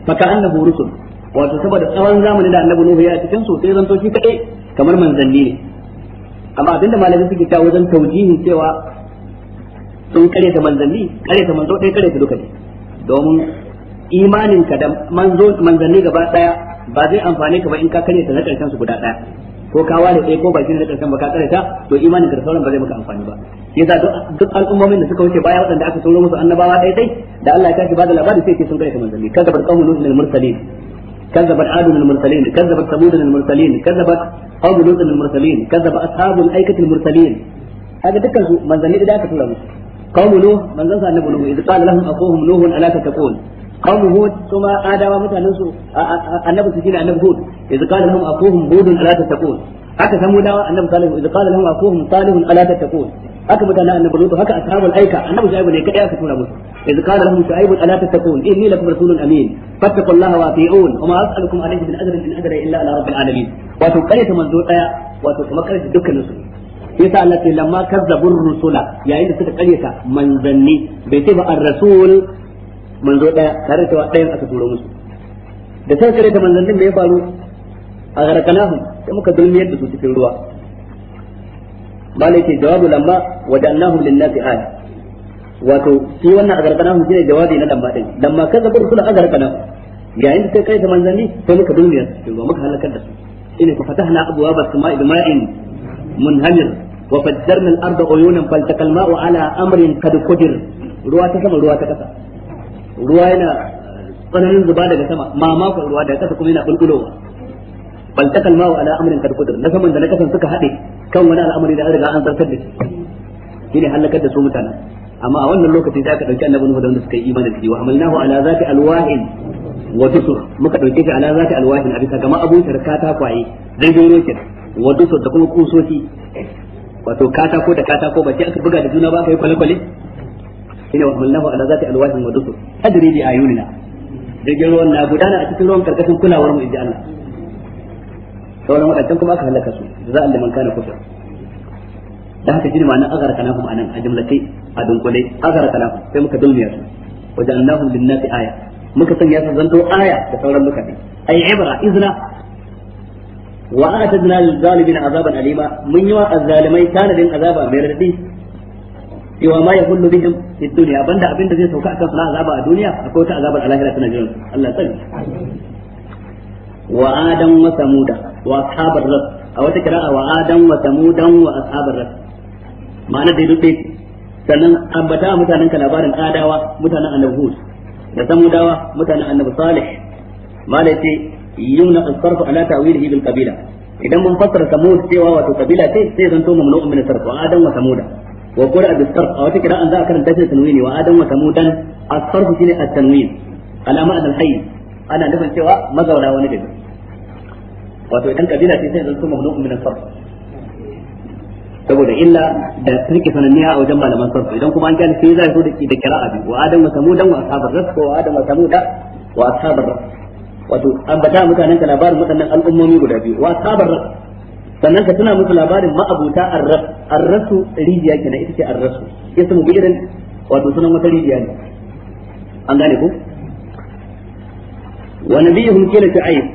fa annabu rusul wato saboda tsawon zamanin da annabi nuhu ya cikin su sai zanto shi kadai kamar manzanni ne amma abinda malamai suke kawo wajen taujihin cewa sun kare ta manzanni kare ta manzo ɗaya kare ta duka ne domin imanin ka da manzo manzanni gaba daya ba zai amfane ka ba in ka kare ta na karshen su guda daya ko ka ware sai ko bakin na karshen ba ka kare ta to imanin ka da sauran ba zai maka amfani ba yasa duk al'ummomin da suka wuce baya waɗanda aka turo musu annabawa dai dai da Allah ya tashi ba da labari sai ke sun kare ta manzanni kaga bar qaumun lil mursalin كذبت عاد المرسلين كذبت ثمود المرسلين كذبت قوم لوط المرسلين كذب اصحاب الايكه المرسلين هذا su منزلين da aka tura musu قوم نوح منزل النبي نوح اذ قال لهم اخوهم نوح الا تتقون قوم هود ثم آدم مثلا النبي سكين النبي هود إذ قال لهم أخوهم هود ألا تتقون haka samu dawa salihu idza qala lahum aquhum salihun ala tattaqun haka mutana annabi lutu haka ashabul aika annabi shaibu ne kadai aka tura musu idza qala lahum shaibu ala tattaqun inni rasulun amin fattaqullaha wa ati'un wa ma as'alukum alayhi min ajrin in ajra illa ala rabbil alamin wato kaita manzo daya kuma kaita dukkan su yasa Allah ce lamma kazzabur rusula yayin da suka karyata manzanni bai ce ba manzo daya tare da cewa aka turo musu da sai kare da din da ya faru a hu sai muka dulmiyar da su cikin ruwa malai jawabu lamma waja'alnahum lin-nasi ayat wato shi wannan garkana hu ne jawabi na lamma din dan ma kaza bar kula agarkana yayin da kai da manzanni sai muka duniya ba muka halakar da su ina ku fatahna abwaaba samaa'i mun munhamir wa fajjarna al-arda uyunan fal takalma mau ala amrin kad qadir ruwa ta sama ruwa ta kasa ruwa yana tsananin zuba daga sama mamakon ruwa daga kasa kuma yana bulbulowa bal takal ma'u ala amrin kad qudir na saman da na kasan suka hade kan wani al'amari da an riga an zartar da shi shine halakar da su mutane amma a wannan lokaci za ka dauki annabi Nuhu da wanda suka yi imani da shi wa amalnahu ala zati alwahin wa dusur muka dauke shi ala zati alwahin a bisa gama abun shirka ta kwaye daidai rokin wa dusur da kuma kusoci wato katako da katako ba sai aka buga da juna ba kai yi kwale-kwale shine wa hamalnahu ala zati alwahin wa dusu tajri bi ayunina jirgin ruwan na gudana a cikin ruwan karkashin kulawar mu inji Allah sauran wadancan kuma aka halaka su za a liman kana kufur da haka jini shine ma'anar azara kanahum anan a jumlatai a dunkule azara kanahum sai muka dulmiya su wajen waja'alnahum lin-nasi aya muka sanya su zanto aya da sauran mutane ay ibra izna wa a'tadna lil-zalimin azaban alima mun yi wa azzalimai tanadin azaba mai radadi cewa ma yaqullu bihim fi dunya banda abin da zai sauka akan su na azaba a duniya akwai wata azabar a lahira tana jiran Allah sani. wa adam wa samuda wa ashabar ras a wata kira'a wa adam wa samudan wa ashabar ras ma'ana dai duk dai sannan ambata mutanen ka labarin adawa mutanen annabi hud da samudawa mutanen annabi salih malai yumna al-sarf ala ta'wilihi bil qabila idan mun fassara samud cewa wato kabila ce sai zanto mamnu'un min sarf wa adam wa samuda wa qura a sarf a wata kira'an za a karanta shi tanwini wa adam wa samudan as-sarf shine at-tanwin alama al ana nufin cewa mazauna wani gari wato idan kabila zan saboda illa da turki sananniya a wajen malaman sarf idan kuma an gane sai za su da da kira'a bi wa adam wa samudan wa ashabar ko adam wa samuda wa ashabar ras wato ambata mutanen ka labarin waɗannan al'ummomi guda biyu wa ashabar sannan ka tuna musu labarin ma'abuta arras arrasu rijiya kenan ita ce arrasu ismu bi'rin wato sunan wata rijiya ne an gane ku wa nabiyuhum kila shu'aib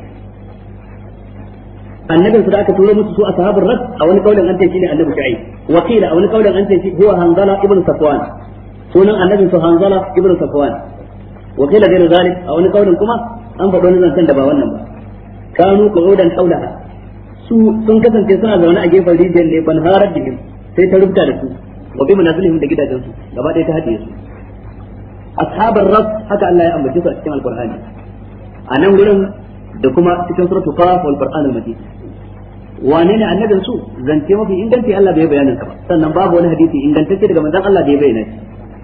annabin su da aka turo musu su ashabul ras a wani kaulin an tace ne annabi shu'aib wa kila a wani kaulin an tace huwa hanzala ibnu safwan sunan annabin su hanzala ibnu safwan wa kila ghayr zalik a wani kaulin kuma an faɗo ne zancen da ba wannan ba kanu qu'udan qawlaha su sun kasance suna zaune a gefen rijiyar ne ban harar da sai ta rubuta da su wa bi manazilihim da gidajen su gaba ɗaya ta haɗe su ashabar ras haka Allah ya ambace su a cikin alqur'ani a nan gurin da kuma cikin suratul qaf wal qur'an al majid wane ne annabin su zance mafi inganci Allah bai bayanin ka ba sannan babu wani hadisi ingantacce daga manzon Allah da ya bayyana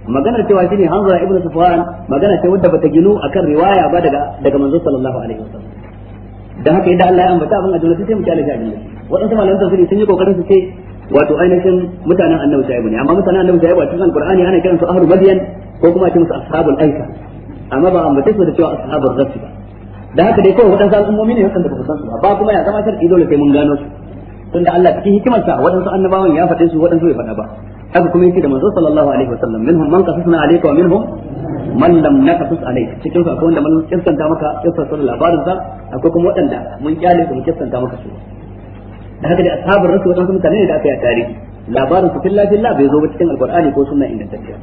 shi maganar cewa shine Hanzala ibnu Safwan magana ce wadda bata ginu akan riwaya ba daga daga manzon sallallahu alaihi wasallam da haka idan Allah ya ambata abin a sai mu kyale jami'i waɗansu malaman tafsiri sun yi kokarin su ce wato ainihin mutanen annabi shaibu ne amma mutanen annabi shaibu a cikin alqur'ani ana kiransu ahlul madyan ko kuma a ce musu ashabul aika amma ba ambata su da cewa ashabul rafi ba da haka dai kawai waɗansu al'ummomi ne waɗanda ba san su ba kuma ya zama sharɗi dole sai mun gano su tunda Allah cikin hikimarsa waɗansu annabawan ya faɗe su waɗansu bai faɗa ba haka kuma yake da manzo sallallahu alaihi wasallam minhum man qasasna alayka wa minhum man lam nakasus alai cikin su akwai wanda mun kissanta maka kissar sun labarin sa akwai kuma waɗanda mun kyale su mu kissanta maka su da haka da ashabar rasul wadansu mutane ne da aka yi tarihi labarin su fillah fillah bai zo ba cikin alqur'ani ko sunna ingantacciya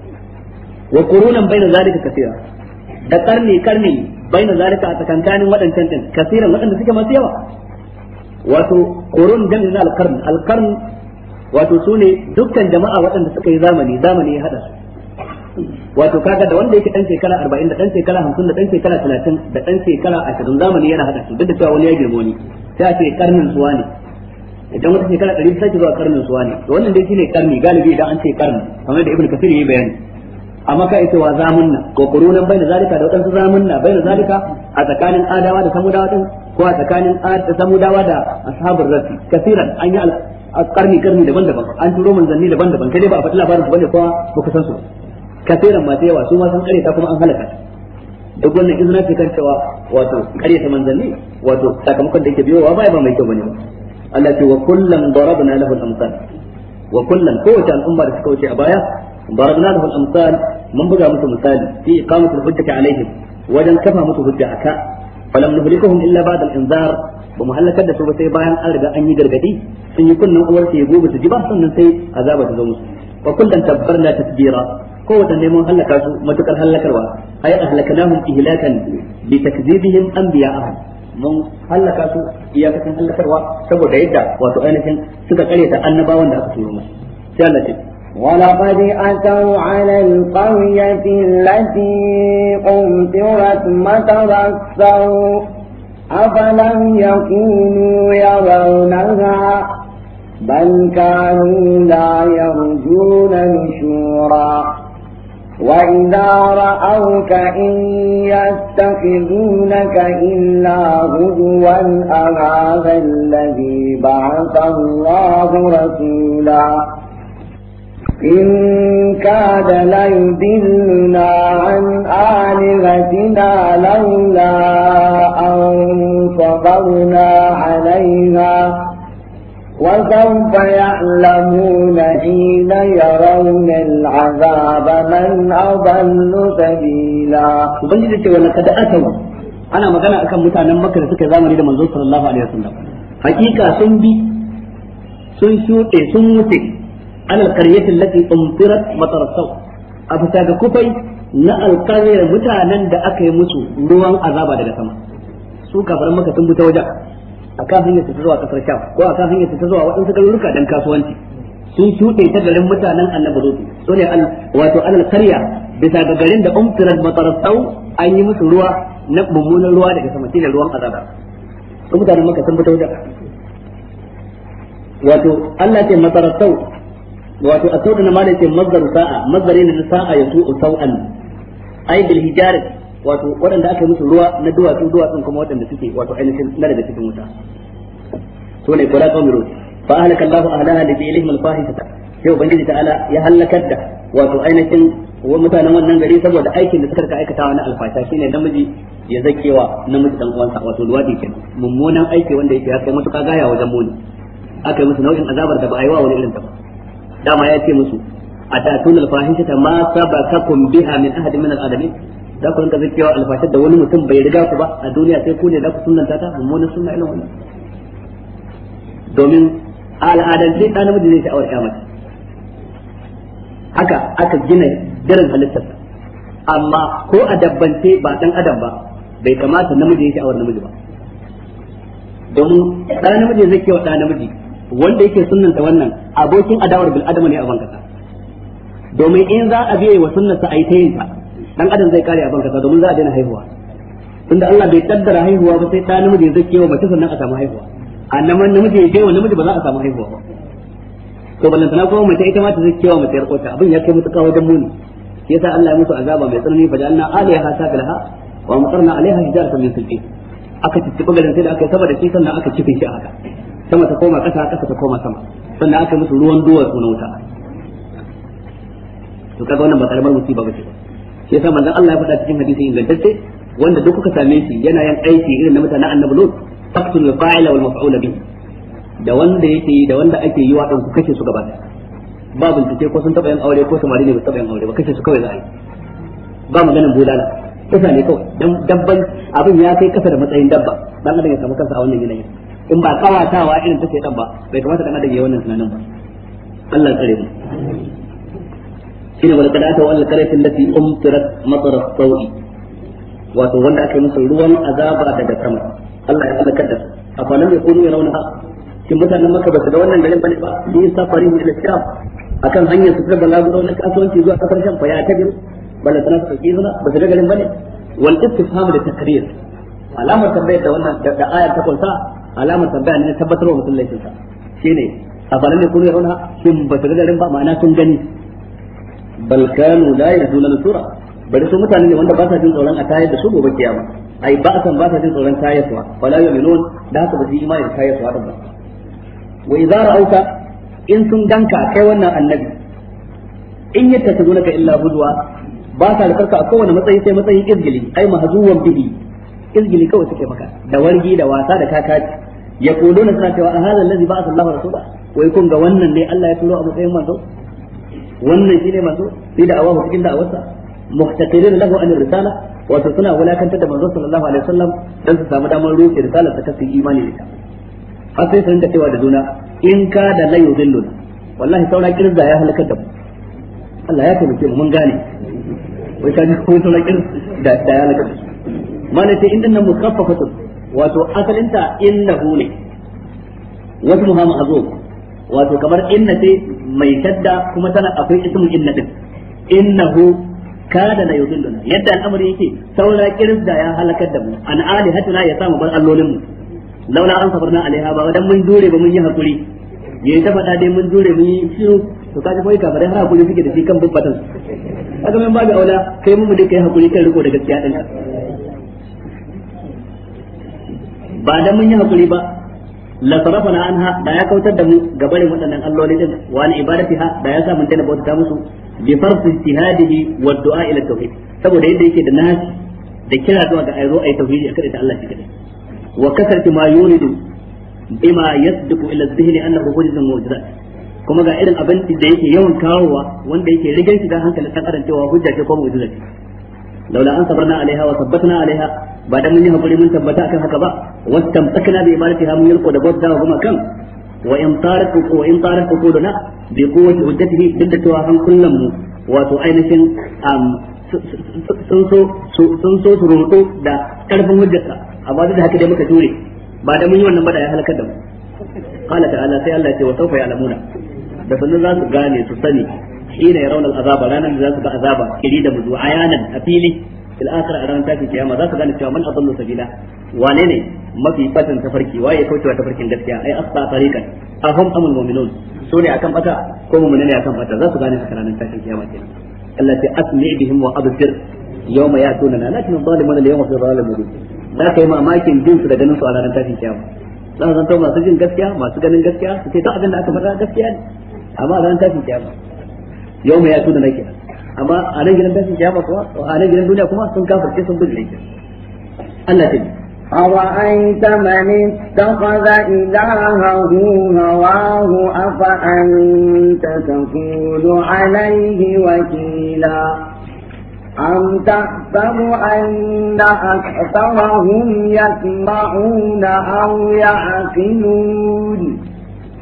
wa qurunan baina zalika kaseera da karni karni baina zalika a tsakankanin waɗancan din kaseeran waɗanda suke masu yawa wato qurun jami'in alqarn alqarn wato sune dukkan jama'a waɗanda suka yi zamani zamani ya hada su wato kaga da wanda yake dan shekara 40 da dan shekara 50 da dan shekara 30 da dan shekara 20 zamani yana hada su duk da cewa wani ya girmo ni sai a ce karnin suwa ne idan wata shekara 100 sai zuwa karnin suwa ne to wannan dai shine karni galibi idan an ce karni kamar da ibnu kasir yayi bayani amma kai cewa zamunna ko bai bayna zalika da wadansu zamunna bayna zalika a tsakanin adawa da samudawa din ko a tsakanin samudawa da ashabul rasi kasiran an yi karni karni daban-daban an turo manzanni daban-daban kai dai ba a faɗi labarin su bane kowa ba ku san su kasiran masu yawa su ma sun kare ta kuma an halaka ta duk wannan izina ce kan cewa wato kare ta manzanni wato sakamakon da yake biyowa ba ba mai kyau bane ba Allah ce wa kullum darabna lahu al-amsal wa kullum kowace al'umma da suka wuce a baya darabna lahu al-amsal mun buga musu misali fi iqamati al-hujjati alaihim wajen kafa musu hujja aka falam nuhlikuhum illa ba'da al-inzar ba mu halakar da su ba sai bayan an riga an yi gargadi sun yi kunnan uwar su ya gobe su ji ba sannan sai azaba ta zo musu wa kullan tabbarna tasbira ko wadanne mun halaka su matukar halakarwa ay ahlakanahum ihlakan bi takdhibihim anbiya'ahum mun halaka su iyakatan halakarwa saboda yadda wato ainihin suka kare ta annabawan da aka turo musu sai Allah ce ولقد أتوا على القرية التي أمطرت مطر السوء أفلم يكونوا يرونها بل كانوا لا يرجون نشورا وإذا رأوك إن يتخذونك إلا هدوا أهذا الذي بعث الله رسولا إن كاد ليدلنا عن آلهتنا لولا أن صبرنا عليها وسوف يعلمون حين يرون العذاب من أضل سبيلا ubangiji ce wannan kada atau ana magana akan mutanen makka da suka zamani da manzon sallallahu alaihi wasallam hakika sun bi sun shuɗe sun wuce alal qaryati allati umtirat sau. a bisa ga kufai na alƙaryar mutanen da aka yi musu ruwan azaba daga sama su kafaran maka sun ta wajen akan hanyar ta zuwa kasar sham ko akan hanyar ta zuwa waɗansu garuruka dan kasuwanci sun shuɗe ta garin mutanen annabi lutu su ne wato alal karya bisa ga garin da umtirar matarasau an yi musu ruwa na mummunan ruwa daga sama shine ruwan azaba su mutanen maka sun fito wuce? wato Allah ce matarasau wato a sauɗin malai ce mazdar sa'a mazdari na sa'a ya su'u sau'an ai bil hijarati wato waɗanda aka yi musu ruwa na duwatsu duwatsun kuma waɗanda suke wato ainihin na daga cikin wuta to ne kula kawai ruwa fa ahlaka Allahu ahlaha li bi'lihim al-fahishata sai ubangiji ta'ala ya halakar da wato ainihin wa mutanen wannan gari saboda aikin da suka aikata na alfasha shine namiji ya zakewa namiji dan uwansa wato luwadi kenan mummunan aiki wanda yake ya kai matuƙa gaya wajen muni aka yi musu nau'in azabar da ba a yi wa wani irin ta ba dama ya ce musu a atatuna alfahishata ma sabakakum biha min ahadin min al-alamin za ku rinka zakewa alfashar da wani mutum bai riga ku ba a duniya sai ku ne za ku sunanta ta mummunan sunna irin wannan domin al'adance ɗan namiji zai sha'awar ya mace haka aka gina jiran halittar amma ko a dabbance ba dan adam ba bai kamata namiji ya sha'awar namiji ba domin ɗan namiji zai kewa ɗan namiji wanda yake sunnanta wannan abokin adawar bil adama ne a bankasa domin in za a biye wa sunnarsa a yi ta yin ta dan adam zai kare a banka domin za a daina haihuwa tunda Allah bai taddara haihuwa ba sai ta namiji zai kewa mace sannan a samu haihuwa annaman namiji ya kewa namiji ba za a samu haihuwa ba to ballantana kuma mace ita ma ta zai kewa mace yarkota abin ya kai mutuka wajen muni shi yasa Allah ya musu azaba mai tsanani fa ja'alna alaiha safilaha wa mutarna alaiha hijaratan min sijil aka tuttuɓa garin sai da aka saba da shi sannan aka cikin shi a haka sama ta koma ƙasa ƙasa ta koma sama sannan aka musu ruwan duwatsu na wuta to kaga wannan ba karamar musiba ba ce ba sa manzon Allah ya faɗa cikin hadisi ingantacce wanda duk kuka same shi yana yin aiki irin na mutanen annabi lut taqtul fa'ila wal maf'ula bi da wanda yake yi da wanda ake yi wa dan ku kace su gaba ba bincike ko sun taba yin aure ko samari ne ba taba yin aure ba kace su kawai za a yi ba maganin bulala kasa ne kawai dan dabban abin ya kai kasa da matsayin dabba dan adam ya samu kansa a wannan yanayin in ba kawatawa irin take dan ba bai kamata dan adam ya yi wannan tunanin ba Allah tsare mu shine wala kada aka musu ruwan azaba daga sama Allah ya da su da wannan garin bane ba ni safari ne ne tabbatar wa sun gani bal kanu la yaduna nusura bari su mutane ne wanda ba sa jin tsoron a tayar da su gobe kiyama ai ba san ba sa jin tsoron tayarwa fala yu'minun da haka ba su yi imani da tayarwa din ba wa idza ra'auka in sun ganka kai wannan annabi in ka illa hudwa ba sa da karka a kowane matsayi sai matsayin izgili ai mahzuwan bihi izgili kawai suke maka da wargi da wasa da kakaci yaquluna suna cewa a hadha allazi ba'a sallahu rasula wai kun ga wannan ne Allah ya turo a matsayin manzo wannan shine masu sai da awahu cikin da'awarsa muhtaqirin lahu an risala wato suna wulakantar da manzo sallallahu alaihi wasallam dan su samu damar rufe risalar ta su imani da ita har sai su rinka cewa da juna in ka da la yudilluna wallahi saura kirza ya halakar da mu Allah ya taimake mu mun gane wai ka ji ko saura kirza da ya halakar da sai malaka inda nan mukaffafatun wato asalinta innahu ne wasu muhammad azo wato kamar inna sai mai shadda kuma tana akwai ismu inna din innahu kada la yudilluna yadda al'amari yake saura kirda ya halakar da mu an alihatuna ya samu bar allolin mu laula an safarna alaiha ba dan mun jure ba mun yi hakuri yayi ta fada dai mun jure mun yi shiru to kaji kawai kafirai har hakuri suke da shi kan bubbatan kaga ba babu aula kai mu dai kai hakuri kai riko da gaskiya din ba dan mun yi hakuri ba la sarafana anha da ya kautar da mu ga barin waɗannan alloli din wa an ibadatiha da ya sa mun dana bauta musu bi farz ijtihadihi wa du'a ila tauhid saboda yadda yake da nasi da kira zuwa ga ayro ay tauhidi akai da Allah shi kadai wa kasarti ma yuridu bima yasduku ila dhihni annahu hujjatun mu'jizat kuma ga irin abin da yake yawan kawowa wanda yake rigar shi da hankalin dan adam cewa hujja ce ko mu'jiza ce laula an na alaiha wa sabbatna alaiha ba dan mun yi mun tabbata akan haka ba wastamtakna bi ibadatiha mun yalqo da gwabta wa kuma kan wa in tarat wa in tarat quluna bi quwwati uddatihi duk da cewa han kullum mu wato ainihin sun so da karfin hujjarsa amma duk da haka dai muka ture ba da mun yi wannan ba da ya halakar da mu qala ta'ala sai Allah ya ce wa sawfa ya'lamuna da sannan za su gane su sani hina raunar al'azaba ranan da za su ga azaba kiri da muzu ayanan a fili fil akhir a ranar tafi kiyama za su gane cewa man adallu sabila wane ne mafi fatan tafarki waye ya kaucewa tafarkin gaskiya ai asfa tariqan ahum amul mu'minun so ne akan bata ko mu'mini ne akan bata za su gane haka ranar tafi kiyama kenan Allah ta asmi bihim wa absir yawma yatuna na lakin zalimuna al-yawma fi dhalalin mubin za ka yi mamakin jin su da a ranar tafi kiyama za su zanto masu jin gaskiya masu ganin gaskiya su ce gaskiya ne amma ranar yau mai yato da na kenan amma a nan gidan tashin kiyama kuma a nan gidan duniya kuma sun kafirce sun bijire ke Allah ta أرأيت من اتخذ إلهه هواه أفأنت تكون عليه وكيلا أم تحسب أن أكثرهم يسمعون أو يعقلون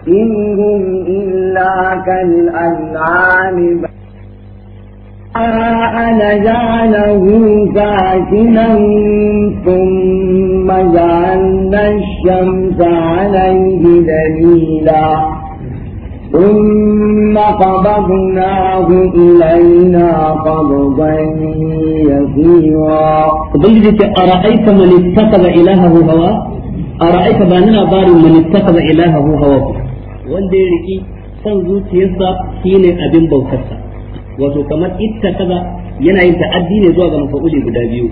إن هم إلا كالأنعام أنا جعله ساكنا ثم جعلنا الشمس عليه دليلا ثم قبضناه إلينا قبضا يسيرا قبلت أرأيت من اتخذ إلهه هواه أرأيت بأننا بار من اتخذ إلهه هواه wanda ya riki son zuciyarsa shine abin bautarsa wato kamar itta kaza yana yin ta'addi ne zuwa ga mafa'uli guda biyu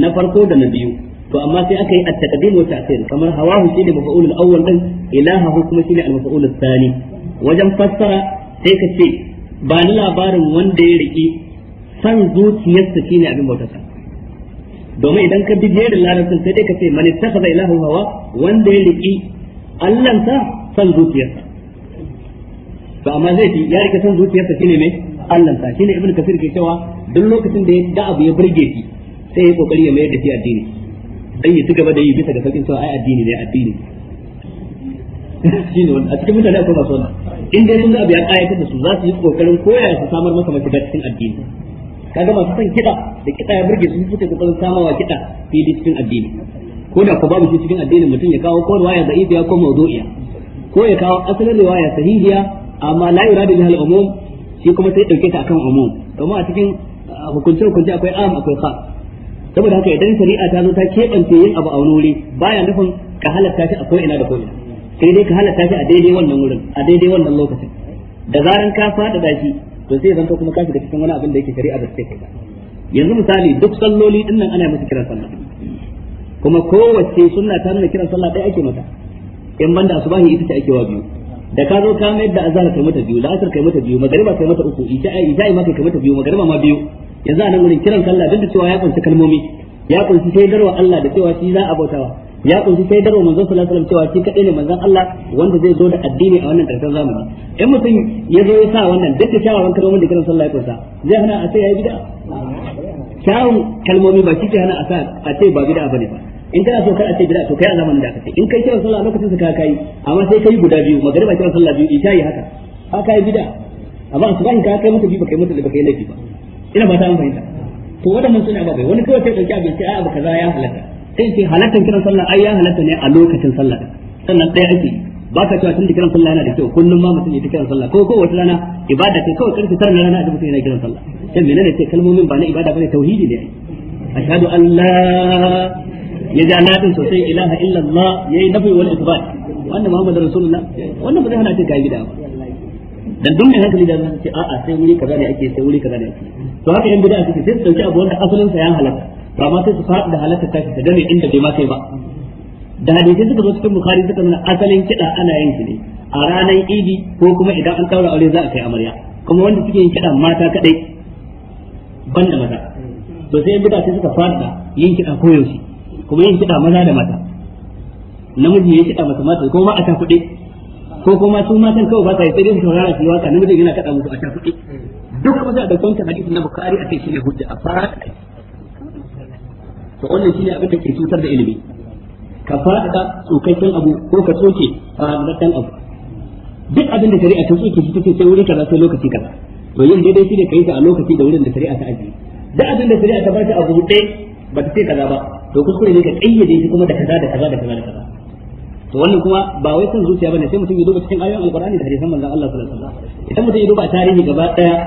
na farko da na biyu to amma sai aka yi at-taqdim wa ta'khir kamar hawahu shine mafa'ul al-awwal din ilahahu kuma shine al-mafa'ul al-thani wajen fassara sai ka ce ba ni labarin wanda ya riki san zuciyarsa shine abin bautarsa domin idan ka bi jerin larabcin sai dai ka ce man ittakhadha ilahu hawa wanda ya riki allansa san zuciyarsa to amma zai fi ya rike san zuciyarsa shine mai Allah ta shine ibnu kasir ke cewa duk lokacin da ya da abu ya burge shi sai ya kokari ya mayar da shi addini dan ya ci gaba da yi bisa ga sakin sa ai addini ne addini shine wannan a cikin mutane akwai masu wannan in dai sun ga abu ya kayatar da su za su yi kokarin koya su samar maka mafita cikin addini kaga masu son kiɗa da kiɗa ya burge su suke kokarin samawa kiɗa fili cikin addini ko da ko babu shi cikin addinin mutum ya kawo ko riwaya ibiya ko mawdu'iya ko ya kawo asalin riwaya sahihiya amma la yuradu bihi al-umum shi kuma sai dauke ta akan umum kuma a cikin uh, hukunce hukunce akwai am akwai khas saboda haka idan shari'a ta zo ta kebance yin abu a wani wuri baya nufin ka halatta shi a ko ina da ko ina sai dai ka halatta shi a daidai wannan wurin a daidai wannan lokacin da zaran ka faɗaɗa shi to sai zanto kuma ka shiga cikin wani abin da yake shari'a da take kai yanzu misali duk salloli din nan ana musu kiran sallah kuma kowace sunna ta nuna kiran sallah ɗaya ake mata in banda asubahi ita ce ake wa biyu da ka zo ka mai da azhar kai mata biyu la'asar kai mata biyu magariba kai mata uku ita isha ma kai mata biyu magariba ma biyu yanzu anan wurin kiran sallah duk da cewa ya kunshi kalmomi ya kunshi sai darwa Allah da cewa shi za a bautawa ya kunshi sai darwa manzon sallallahu alaihi wasallam cewa shi kadai ne manzon Allah wanda zai zo da addini a wannan karshen zamani in mutum ya zo ya sa wannan duk da kyawawan kalmomin da kiran sallah ya kunsa zai hana a sai ya yi bid'a kyawun kalmomi ba shi ke hana a sa a ce ba bid'a bane ba in kana so kar a ce bid'a to kai a zamanin da aka in kai kira sallah lokacin sa ka kai amma sai kai guda biyu magariba kira sallah biyu isha yi haka ka yi bid'a amma asubahin ka kai mutu biyu ba kai mutu da ba kai laifi ba ina ba ta an fahimta to wadannan suna ba bai wani kawai sai dauki abin sai a abu kaza ya halatta sai sai halattan kiran sallah ai ya halatta ne a lokacin sallah sannan ɗaya ake ba ka cewa tun da kiran sallah yana da kyau kullum ma mutum ya ta kiran sallah ko ko wata rana ibada ce kawai karfe tara na rana da mutum yana kiran sallah sai menene ce kalmomin ba na ibada bane tauhidi ne ashhadu an la ya ja ladin sosai ilaha illallah yayi nafi wani isbat wannan muhammadu rasulullah wannan ba zai hana ce kai gida ba dan dun mai hankali da zai ce a a sai wuri kaza ne ake sai wuri kaza ne ake to haka yan bid'a suke sai su dauki abu wanda asalin sa ya halaka ba ma sai su faɗi da halaka ta ta dane inda bai ma kai ba da hadisi suka zo cikin bukhari suka nuna asalin kida ana yin shi ne a ranar idi ko kuma idan an daura aure za a kai amarya kuma wanda suke yin kida mata kadai banda maza to sai yan bid'a suka faɗi yin kida koyaushe kuma yin kiɗa maza da mata namiji ya kiɗa masa mata ko ma a ta kuɗi ko kuma su matan kawai ba sa yi sai dai su saurara su waka namiji yana kaɗa musu a ta kuɗi duk kuma za a ɗauki wancan hadisin na bukari a kai shi ne hujja a fara to wannan ne abin da ke cutar da ilimi ka fara ka tsokakken abu ko ka tsoke faɗaɗɗen abu duk abin da shari'a ta tsoke shi take sai wuri kaza sai lokaci kaza to yin daidai shi ne kai ta a lokaci da wurin da shari'a ta ajiye duk abin da shari'a ta ba shi abu ɗaya ba ta ce kaza ba to kuskure ne ka kayyade shi kuma da kaza da kaza da kaza da kaza to wannan kuma ba wai kan zuciya bane sai mutum ya duba cikin ayoyin alqur'ani da hadisan manzon Allah sallallahu alaihi wasallam idan mutum ya duba tarihi gaba daya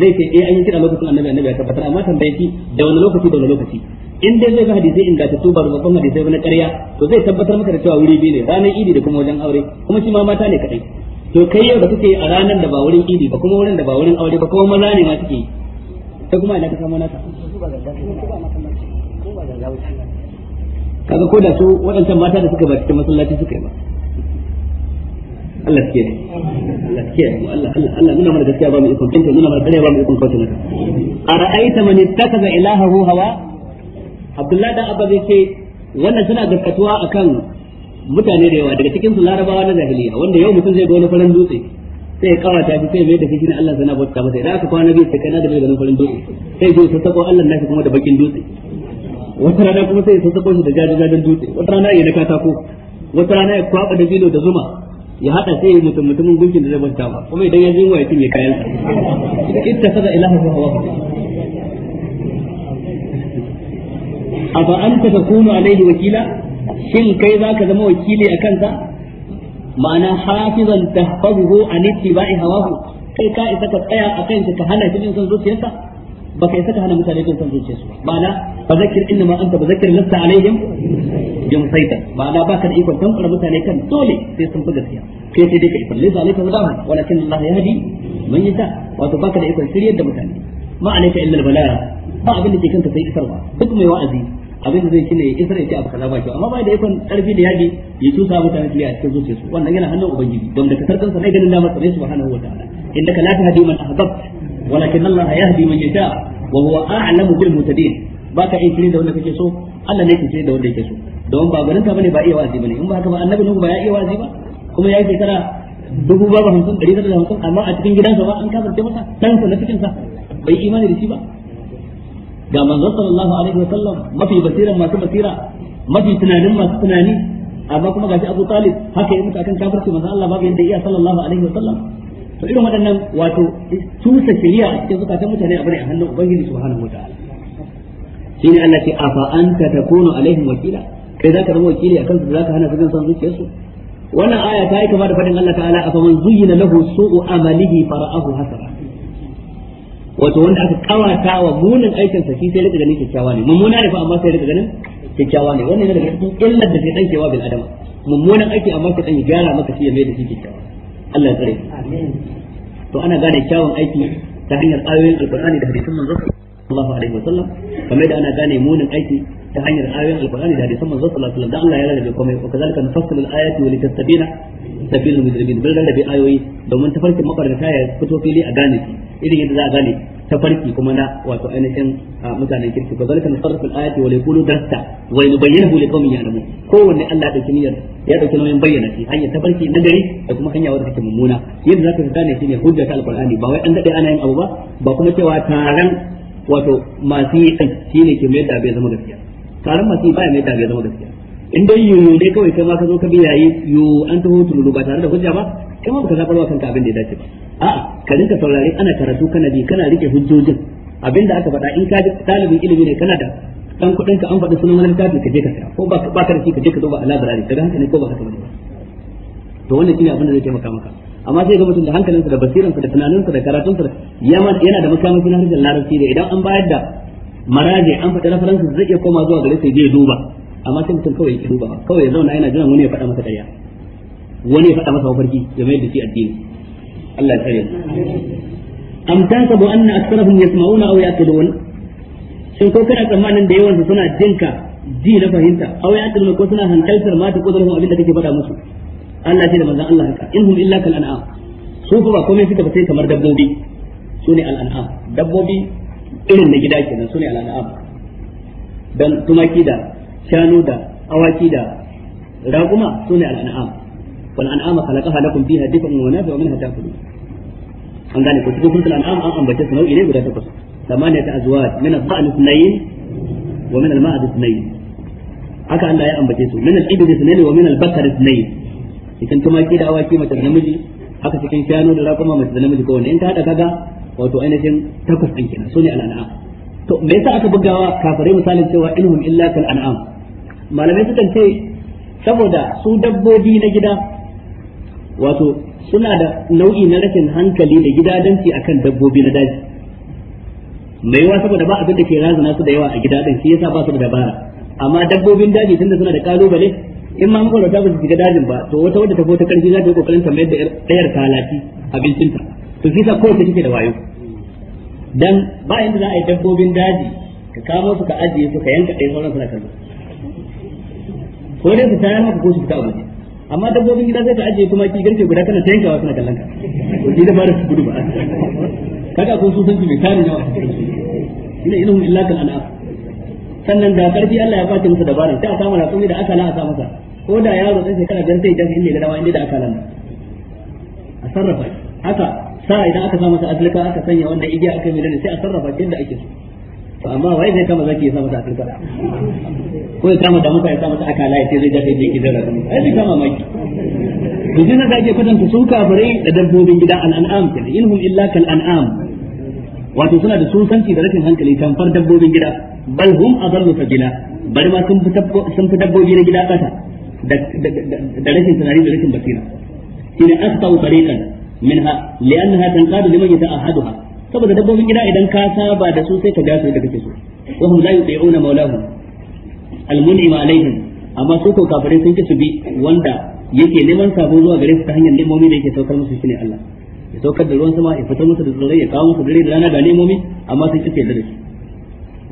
zai ce eh an yi kira lokacin annabi annabi ya tabbatar amma tambaye shi da wani lokaci da wani lokaci in dai zai ga hadisai inda ta tuba da babban hadisai na ƙarya to zai tabbatar maka da cewa wuri biyu ne ranar idi da kuma wajen aure kuma shi ma mata ne kadai to kai yau da kake a ranar da ba wurin idi ba kuma wurin da ba wurin aure ba kuma maza ne ma suke ta kuma ina ka samu naka kaga ko da su waɗancan mata da suka ba cikin masallaci suka yi ba Allah ke Allah ke Allah Allah nuna mana gaskiya ba mu ikon kanta nuna mana ƙarya ba mu ikon kauce mata ara'aita man ittakaza ilahahu hawa Abdullahi da Abba zai ce wannan suna gaskatuwa akan mutane da yawa daga cikin su larabawa na jahiliya wanda yau mutum zai ga wani farin dutse sai ya kawata shi sai mai da shi na Allah sana bauta masa idan aka kwana biyu sai kana da mai ganin farin dutse sai zai sassako Allah nashi kuma da bakin dutse wata rana kuma sai ya sassako shi da jajin dutse wata rana ya na katako wata rana ya kwaba da bilo da zuma ya hada sai ya mutum mutumin gunkin da zai banta ba kuma idan ya jinwa ya cinye kayan sa idan ita kaza ilaha ko hawa aba anta takunu alaihi wakila shin kai zaka zama wakili a kansa ma'ana hafizan tahfazuhu an ittiba'i hawahu kai ka isa ka tsaya a kanka ka hana shi jin son zuciyarsa baka isa ka hana mutane kan san zuciyarsu ba ma'ana fa zakir inna ma anta bazakir lasta alaihim bi saita ma'ana baka da ikon tantsara mutane kan dole sai sun fi gaskiya kai sai dai ka ikon laysa alaika hudahu walakin Allah yahdi man yasha wato baka da ikon shiryar da mutane ma alaika illa albalagh ba abin da ke kanka sai isarwa duk mai wa'azi abin da zai shine ya isar ya ce abu kaza ba amma ba da ikon karfi da yadi ya tusa mutane su a cikin zuciyarsu wannan yana hannun ubangiji don da kasar kansa ne ganin damar sa ne subhanahu wa ta'ala innaka la tahdi man ahbabta walakin Allah yahdi man yasha wa huwa a'lamu bil mutadin baka in kire da wanda kake so Allah ne kike da wanda yake so don ba garin ka bane ba iya wazi bane in ba haka ba annabi nuhu ba ya iya wazi ba kuma ya yi shekara dubu babu hamsin ɗari da hamsin amma a cikin gidansa ba an kafirce masa ɗansa na cikinsa bai imani da shi ba ga manzon sallallahu alaihi wa sallam mafi basira masu basira mafi tunanin masu tunani amma kuma gashi Abu Talib haka ya mutu akan kafirci manzon Allah babu iya sallallahu alaihi wa sallam to irin waɗannan wato tusa shari'a a cikin zukatan mutane a ne a hannun ubangiji subhanahu wataala shine Allah ce afa anta takunu alaihim wakila kai zaka zama wakili akan su zaka hana su bin son su? wannan aya ta yi kama da fadin Allah ta'ala afa man zuyyina lahu su'u amalihi fara'ahu hasara wato wanda aka kawata wa munin aikin sa shi sai rika ganin kyakkyawa ne mummuna ne fa amma sai rika ganin kyakkyawa ne wannan yana daga cikin illar da sai dan kewa bil adama mummunan aiki amma sai dan gyara maka shi ya mai da shi kyakkyawa Allah tsare to ana gane kyawun aiki ta hanyar ayoyin alqur'ani da hadisin manzo sallallahu alaihi wasallam kamar da ana gane munin aiki ta hanyar ayoyin alqur'ani da hadisin manzo sallallahu alaihi wasallam da Allah ya rarrabe komai wa kazalika nufassilu ayati wa litastabina sabilul mujrimin da bi ayoyi domin tafarkin ta ya fito fili a gane shi irin yadda za a gane tafarki kuma na wato ainihin mutanen kirki fa zalika nasarrafu al-ayati wa yaqulu darasta wa yubayyinahu liqaumin ya'lamun kowanne Allah ya dauki niyyar ya dauki nauyin bayyana shi hanya tafarki na gari da kuma hanya wadda take mummuna yadda za ka gane shi ne hujja ta alqur'ani ba wai an dade ana yin abu ba ba kuma cewa taron wato masu yi shine ke mai da bai zama gaskiya taron masu yi baya mai da bai zama gaskiya in dai yoyo dai kawai kai ma ka zo ka biya yi yo an taho tululu ba tare da hujja ba kai ma baka wa kanka abin da ya dace ba a'a ka rinka saurari ana karatu kana bi kana rike hujjojin abin da aka faɗa in ka ji talibin ilimi ne kana da dan kuɗin ka an faɗi sunan wani littafi ka je ka saya ko ba ba ka rike ka je ka ba a library kaga hankali ko ba ka ba. to wannan shine abin da zai taimaka maka amma sai ga mutum da hankalinsa da basiransa da tunaninsa da karatunsa yana da makamashi na harshen larabci da idan an bayar da maraje an faɗi rafaransa zai iya koma zuwa gare sai je duba amma sai mutum kawai ya ruba kawai ya zauna yana jiran wani ya faɗa masa ƙarya wani ya faɗa masa mafarki ya mai da shi addini Allah ya tsare am sabu anna aktharahum yasma'una aw yaqilun shin ko kana tsammanin da yawan su suna jinka ji na fahimta aw yaqilun ko suna hankaltar ma ta kudurin abin da kake faɗa musu Allah ya ce da manzon Allah haka inhum illa kal an'am su fa ba komai suka fice kamar dabbobi sune al an'am dabbobi irin na gida kenan sune al an'am dan tumaki da shanu da awaki da raguma sune al-an'am wal an'ama khalaqaha lakum fiha dif'un wa nafi'un minha ta'kulun an gane ko cikin sunan an'am an ambace su nau'i guda takwas samaniya ta azwaj min wa min haka Allah ya ambace su min al-ibd ithnayn wa min al-bakar ithnayn cikin tumaki da awaki mace da namiji haka cikin shanu da raƙuma mace da namiji ko wanda in ka hada kaga wato ainihin takwas din kenan sune al-an'am to me yasa aka bugawa kafirai misalin cewa ilmun illa kal an'am malamai sukan ce saboda su dabbobi na gida wato suna da nau'i na rashin hankali da gidadanci akan dabbobi na daji mai yawa saboda ba abin da ke razana su da yawa a gida din shi yasa ba su da dabara amma dabbobin daji tunda suna da kalubale in ma makwalata ta su shiga dajin ba to wata wadda ta fito ta karfi za ta yi kokarin ta mayar da ɗayar talati abincinta to shi sa kowace take da wayo dan ba yanda za a yi dabbobin daji ka kamo su ka ajiye su ka yanka ɗaya sauran suna kallo ko dai su tayar maka ko su fita waje amma dabbobin gida sai ka ajiye kuma ki garke guda kana ta yankawa suna kallon ka ki da ba da su gudu ba kaga ko su san su mai tarin yawa ina ilhum illa kan ana sannan da karfi Allah ya kwace musu dabaran ta a samu tsumi da aka aka masa ko da yaro sai kana dan sai dan inda da dama inda da aka lana a sarrafa haka sa idan aka sa masa afirka aka sanya wanda igiya aka mai sai a sarrafa shi da ake so to amma wai zai kama zaki ya sa masa da ko ya kama damuka ya sa masa akala ya ce zai dafa jiki gidan rasu ai zai kama maki to sai da ake kwatanta su kafirai da dabbobin gida al'an'am kenan inhum illa kal an'am wato suna da sunsanci da rashin hankali tamfar dabbobin gida bal hum adallu gina. bari ma sun fi dabbobi na gida kasa da rashin tunani da rashin basira shine astau tariqan minha li'annaha tanqadu liman yata'ahaduha saboda dabbobin gida idan ka saba da su sai ka ja su da kake so wa hum la yuti'una mawlahum al-mun'im alaihim amma su ko kafirai sun ki su bi wanda yake neman sabo zuwa gare su ta hanyar nemomi da yake saukar musu shine Allah ya saukar da ruwan sama ya fitar musu da tsirrai ya kawo musu dare da rana da nemomi amma sun ki da su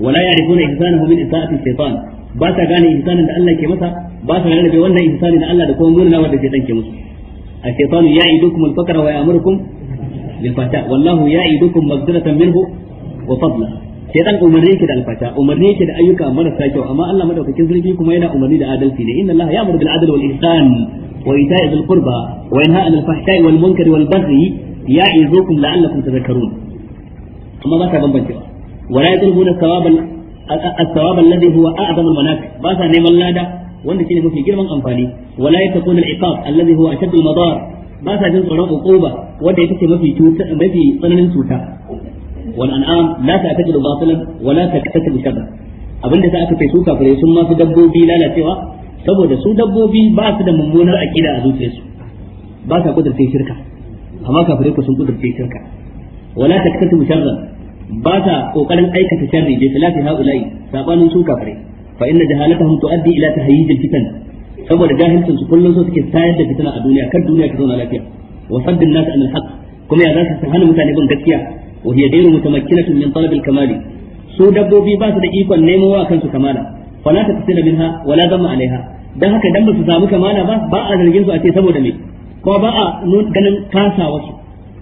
wala ya'rifuna ihsanahu min isa'ati shaytan ba ta gane ihsanin da Allah ke masa ba ta gane da wannan ihsanin da Allah da kuma munana wanda shaytan ke musu الشيطان يعدكم الفقر ويأمركم بالفحشاء والله يعدكم مغفرة منه وفضلا shaytan umarni yake da alfata umarni yake da ayyuka marasa kyau amma Allah madaukakin sarki kuma yana umarni da adalci ne inna Allah ya'muru bil adli wal ihsan wa ita'i dhil qurba wa yanha 'anil fahsha'i wal munkari wal baghi ya'izukum la'allakum amma ba الثواب الذي هو أعظم المناكب باسا نيم اللادة wanda shine mafi girman amfani wala yatakun al-iqab alladhi huwa ashaddu al-madar ba sa jin tsoron uquba wanda yake mafi cuta mafi tsananin cuta wal an'am la ta'taqidu batilan wala ta'taqidu sharra abinda za aka kai su kafirai sun ma su dabbobi lalacewa saboda su dabbobi ba su da mummunar akida a zuciyarsu ba sa kudurce shirka amma kafirai ku sun kudurce shirka wala ta ta'taqidu sharra ba sa kokarin aikata sharri bi salati haula'i sabanin su kafirai fa inna jahalatahum tuaddi ila ta al-fitan saboda jahilcin su kullun so suke tayar da fitina a duniya kan duniya ta zauna lafiya wa saddin nas an al kuma ya zasu san hana mutane ban gaskiya wa hiya ghayru mutamakkinatun min talab al-kamali su dabbobi ba su da ikon nemo wa kansu kamala fala tafsila minha wala dhamma alaiha dan haka dan ba samu kamala ba ba a zargin su a ce saboda me ko ba a ganin kasa wasu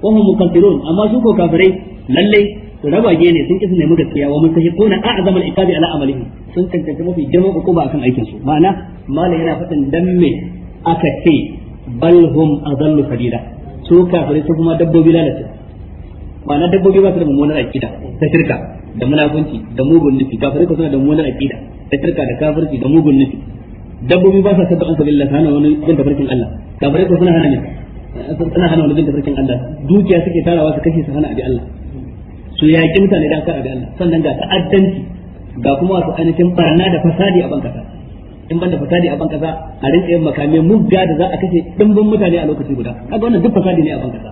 wa hum mukaffirun amma su ko kafirai lalle rabage ne sun kisa nemi gaskiya wa kuna mustahiquna a'zamal iqabi ala amalihi sun tantance mafi girman hukuma akan aikin su ma'ana malai yana fadin dan me aka ce bal hum adallu sabila su kafirai su kuma dabbobi lalace ma'ana dabbobi ba su da mummunar aqida ta shirka da munafunci da mugun nufi kafirai suna da mummunar aqida ta shirka da kafirci da mugun nufi dabbobi ba sa sadda an sabilillah hana wani jin tafarkin Allah kafirai ko suna hana ne suna hana wani jin tafarkin Allah dukiya suke tarawa su kashe su hana abi Allah su yaƙi mutane da kar Allah sannan ga ta'addanci ga kuma wasu ainihin barna da fasadi a bankasa in banda fasadi a bankasa a rinka yin makamai mugga da za a kashe dimbin mutane a lokaci guda kaga wannan duk fasadi ne a bankasa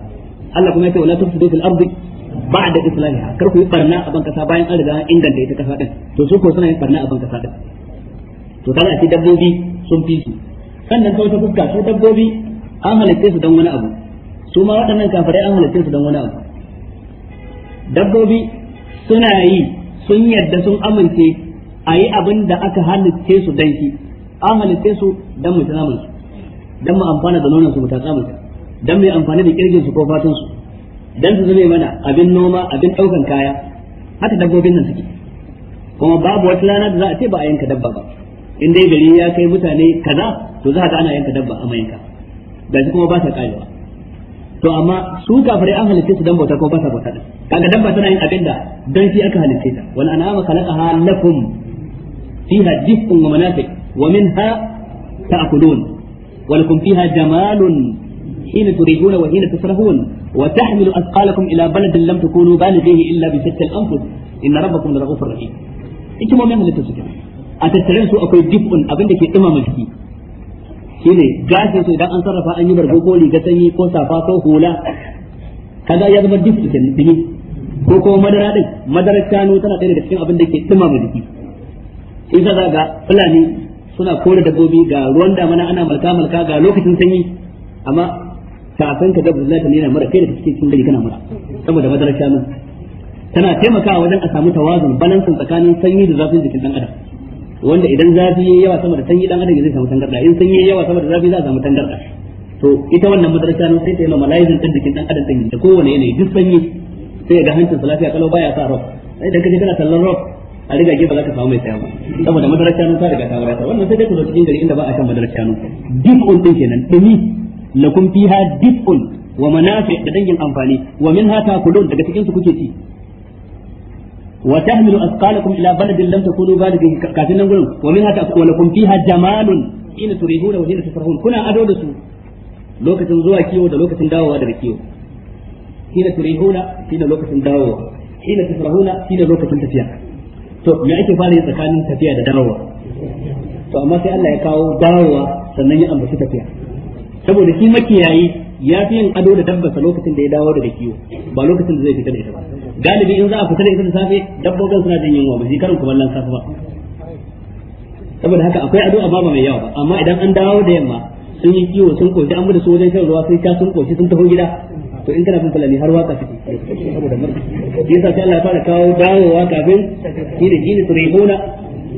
Allah kuma yake wala tufsidu fil ardi ba'da islamiha kar ku yi barna a bankasa bayan an riga an inganta ita kasa din to su ko suna yin barna a bankasa din to kana ce dabbobi sun fi su sannan ta wata fuska su dabbobi an halitta su don wani abu su ma waɗannan kafirai an halitta su don wani abu dabbobi suna yi sun yadda sun amince a yi abin da aka halitte su dan shi an halitte su dan mu tana su dan mu amfana da nonon su mu tsamun su dan mu amfana da kirgin su ko fatan su dan su zame mana abin noma abin daukan kaya haka dabbobin nan suke kuma babu wata rana da za a ce ba a yanka dabba ba in dai gari ya kai mutane kaza to za ka ana yanka dabba a mayanka gashi kuma ba ta karewa to amma su kafare an halitta su dan bauta ko ba sa bauta kaga dabba tana yin abinda dan shi aka halitta ta wal an'ama khalaqaha lakum fiha dif'un wa manafi' wa minha ta'kulun wa lakum fiha jamalun hina turiduna wa hina tasrahun wa tahmilu athqalakum ila baladin lam takunu balighihi illa bi shatta al-anfus inna rabbakum la ghafurur rahim ita mu'min halitta su a tattare su akwai dif'un abinda ke dumama jiki shine gashin su idan an sarrafa an yi bargo ko riga sanyi ko safa ko hula kaga ya zama duk cikin dini ko kuma madara din madarar shanu tana ɗaya daga cikin abin da ke mu jiki in za ga fulani suna kore dabbobi ga ruwan damana ana malka malka ga lokacin sanyi amma kafin ka gabu ta nuna mara kai da cikin cikin gari kana mura saboda madarar shanu tana taimakawa wajen a samu tawazun balansin tsakanin sanyi da zafin jikin dan adam wanda idan zafi yayi yawa sama da sanyi dan adam zai samu tangarda in sanyi yayi yawa sama da zafi za a samu tangarda to ita wannan madarasa ne sai ta yi malaizin din jikin dan adam din da kowane yanayi duk sanyi sai ga hancin sa lafiya kalau baya sa rock sai da kaje kana sallan rock a riga ke ba za ka samu mai tsaya ba saboda madarasa ne ta riga ta wurata wannan sai ka zo cikin gari inda ba a kan madarasa nan dukun din kenan dumi lakum fiha dukun wa manafi da dangin amfani wa minha kulun daga cikin su kuke ci wa tahmilu asqalakum ila baladin lam takunu balighi kafin nan gurin wa minha ta'kulu lakum fiha jamalun in turihuna wa hina tafrahun kuna ado da su lokacin zuwa kiwo da lokacin dawowa daga kiwo hina turihuna hina lokacin dawowa hina tafrahuna hina lokacin tafiya to me ake fara yi tsakanin tafiya da dawowa to amma sai Allah ya kawo dawowa sannan ya ambaci tafiya saboda shi makiyayi ya fi yin ado da sa lokacin da ya dawo daga kiwo ba lokacin da zai fita da ita ba galibi in za a fita da ita da safe dabbobin suna jin yunwa ba su karin kumallon safe ba saboda haka akwai ado a baba mai yawa ba amma idan an dawo da yamma sun yi kiwo sun koshi an bude su wajen shan ruwa sun sha sun koshi sun tafi gida to in kana fulani har waka take saboda murna yasa sai Allah ya fara kawo dawowa kafin shine shine turihuna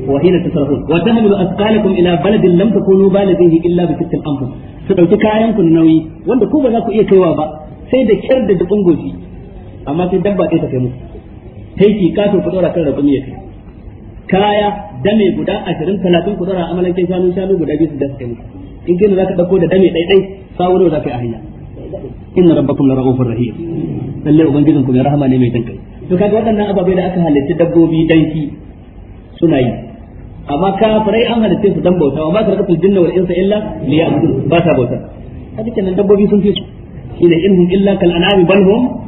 wa hina tasrafun wa tahmilu asqalakum ila baladin lam takunu balighihi illa bi sittil anfus su dauki kayan ku nauyi wanda ko ba za ku iya kaiwa ba sai da kyar da dubun goshi amma sai dabba ɗaya ta kai musu kai ki kato ku dora kan rakumi ya kai kaya dame guda ashirin talatin ku dora kai shanu shanu guda biyu su da su kai musu in kai za ka ɗauko da dame ɗaiɗai sawuno za ka yi a hanya inna rabbakum la rahufur rahim lalle ubangijin ku mai rahama ne mai dankai to kaga waɗannan ababai da aka halitta dabbobi danki suna yi amma farai an halitta su dan bauta amma ka rakatul jinna wal insa illa liya'budun ba ta bauta kaga kenan dabbobi sun fi su ila inhum illa kal an'ami bal hum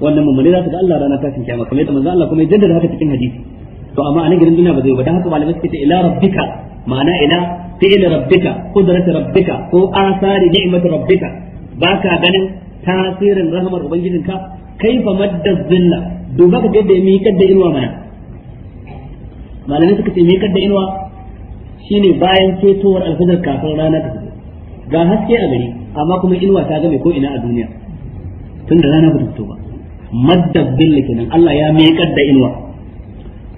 wannan mummune za su ga Allah rana tashin kiyama kamar yadda manzo Allah kuma ya jaddada haka cikin hadisi to amma a nan gidan duniya ba zai ba dan haka malamai suke ce ila rabbika ma'ana ila fi'il rabbika qudrat rabbika ko asari ni'mat rabbika baka ganin tasirin rahmar ubangijinka kaifa madda zilla duba ka yadda ya miƙar da inuwa mana malamai suka ce miƙar da inuwa shine bayan ketowar alfajar kafin rana ta fito ga haske a gari amma kuma inuwa ta game ko ina a duniya tun da rana ba ta fito ba madda dhilli kenan Allah ya miƙar da inuwa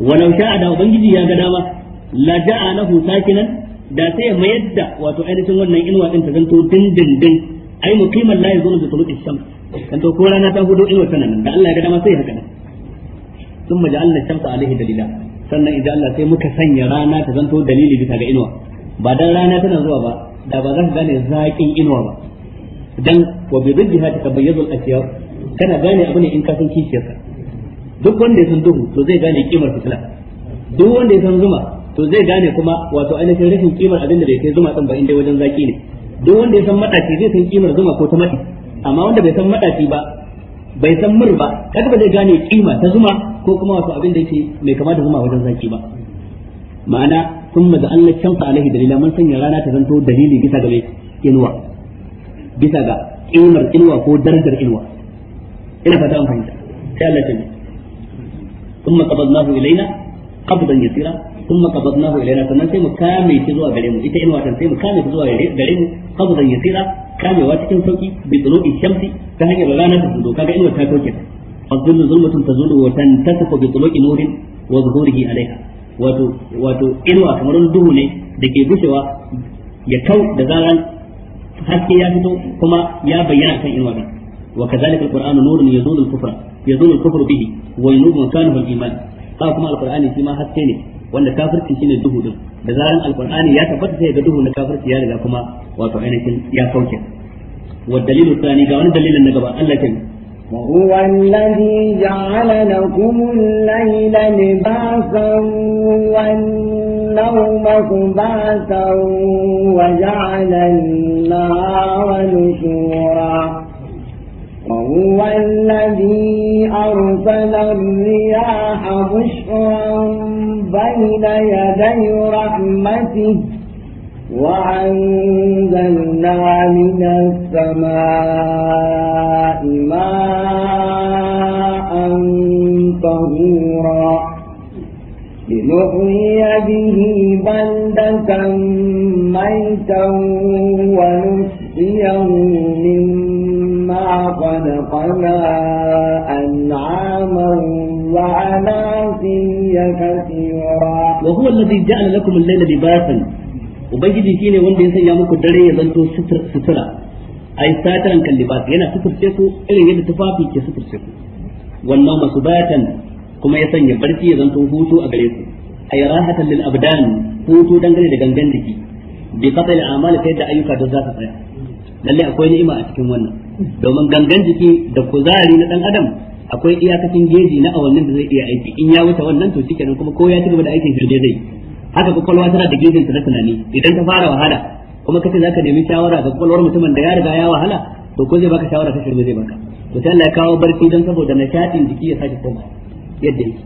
walau sha'a da ubangiji ya ga dama la ja'alahu sakinan da sai ya mayar da wato ainihin wannan inuwa din ta zanto dindindin ai muqiman la yazunu bi tuluqi shams kan to ko rana ta hudo inuwa tana da Allah ya ga dama sai haka nan thumma ja'alna shamsa alaihi dalila sannan idan Allah sai muka sanya rana ta zanto dalili bisa ga inuwa ba dan rana tana zuwa ba da ba za ka gane zaƙin inuwa ba dan wa bi riddiha tabayyazu al-ashya'u kana gane abu ne in ka san kishiyarsa duk wanda ya san duhu to zai gane kimar fitila duk wanda ya san zuma to zai gane kuma wato ainihin rashin kimar abin da bai kai zuma din ba inda wajen zaki ne duk wanda ya san madaci zai san kimar zuma ko ta mati amma wanda bai san madaci ba bai san mur ba kada ba zai gane kima ta zuma ko kuma wato abin da yake mai kama da zuma wajen zaki ba ma'ana sun da Allah shamsa alaihi dalila mun sanya rana ta zanto dalili bisa ga mai inuwa bisa ga kimar inuwa ko darajar inuwa ina fata an fahimta sai Allah ta thumma qabadnahu ilaina qabdan yasira thumma qabadnahu ilaina sannan sai mu kame shi zuwa gare mu ita in watan sai mu kame shi zuwa gare mu qabdan yasira kamewa cikin sauki bi dhulubi shamsi ta hanyar rana ta zo kaga in wata kauke fadlul zulmatun tazulu wa tantasifu bi dhulubi nurin wa zuhurihi alaiha wato wato inuwa kamar duhu ne da ke gushewa ya kau da zaran haske ya fito kuma ya bayyana kan inuwa din وكذلك القرآن نور يزول الكفر يزول الكفر به وينور مكانه الإيمان haka kuma alqur'ani shi ma haske ne wanda kafirci shine duhu din da zaran alqur'ani ya tabbata sai ga duhu na kafirci ya riga kuma wato ainihin ya kauce wa dalilu tsani ga wani dalilin na gaba Allah ke وهو الذي جعل لكم الليل لباسا والنوم سباسا وجعل النهار نشورا هو الذي أرسل الرياح بشرا بين يدي رحمته وأنزلنا من السماء ماء طهورا لنحيي به بلدة ميتا خلقنا أنعاما وأناسيا كثيرا وهو الذي جعل لكم الليل لباسا وبيجي شيني وندي يسيا مكو دري يزنتو ستر ستر أي ساترا كاللباس ينا ستر سيكو إلي يد تفافي كي ستر سيكو والنوم سباتا كما يسيا يبرتي يزنتو هوتو أبريكو أي راحة للأبدان هوتو دنجل دنجل دنجل بقطع الأعمال كيدا أيوكا تزاكا Lallai akwai ni'ima a cikin wannan domin gangan jiki da kuzari na dan adam akwai iyakacin geji na awannin da zai iya aiki in ya wuce wannan to shikenan kuma ko ya ci gaba da aikin shirye zai haka kwakwalwa tana da gejin ta na tunani idan ta fara wahala kuma kace zaka nemi shawara ga kwakwalwar mutumin da ya riga ya wahala to ko zai baka shawara ta shirye zai baka to sai Allah ya kawo barci don saboda nishadin jiki ya sake koma yadda yake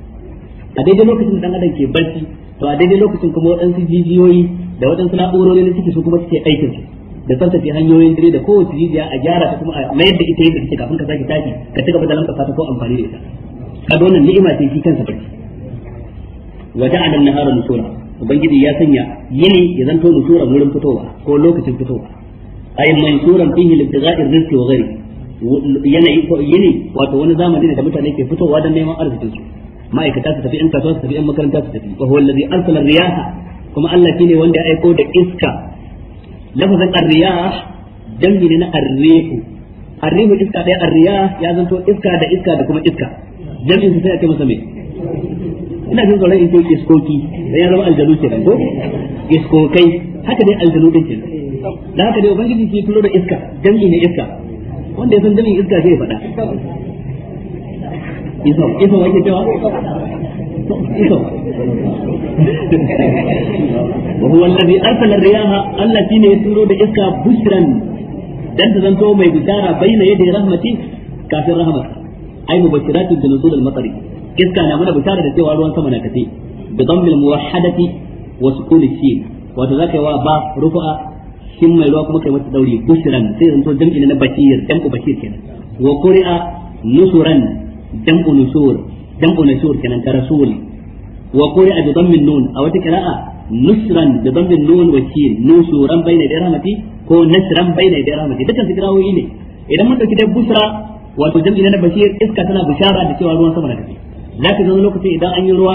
a daidai lokacin dan adam ke barci to a daidai lokacin kuma waɗansu jijiyoyi da waɗansu na'urori na ciki su kuma suke aikin su da tsaftace hanyoyin dare da kowace rijiya a gyara ta kuma a mayar da ita yadda take kafin ka sake tashi ka ci gaba da lantsa ta ko amfani da ita ka dona ni'ima ce shi kansa barci wa ja'ala an-nahara nusura ubangiji ya sanya yini ya zanto nusura wurin fitowa ko lokacin fitowa ay mansuran fihi libtigha'i rizqi wa ghairi yanayi ko yini wato wani zamani da mutane ke fitowa don neman arzikin su ma'aikata su tafi in kasuwa su tafi in makaranta su tafi wa huwa allazi arsala riyaha kuma Allah shine wanda ya aiko da iska lafazin arriya dangi ne na arrihu arrihu iska ɗaya arriya ya zanto iska da iska da kuma iska jami'in sai ake masa mai ina jin tsoron in kai iskoki da ya zama aljanu kenan ko iskokai haka dai aljanu din kenan da haka dai ubangiji ke tulo da iska dangi ne iska wanda ya san jami'in iska zai faɗa isa isa wake cewa wa huwa alladhi arsala riyaha Allah shine ya turo da ai mubashiratu bi nuzul al na mana bishara da cewa ruwan sama na kace bi dhamm al-muwahhadati mai ruwa kuma dan ona shur kenan ka rasul wa a bi min nun a wata qira'a nusran bi min nun wa shin nusuran bayna da rahmati ko nasran bayna da rahmati dukkan sikrawoyi ne idan mun dauki da busra wato jam'i na bashir iska tana bishara da cewa ruwan sama na tafi zaka zan lokacin idan an yi ruwa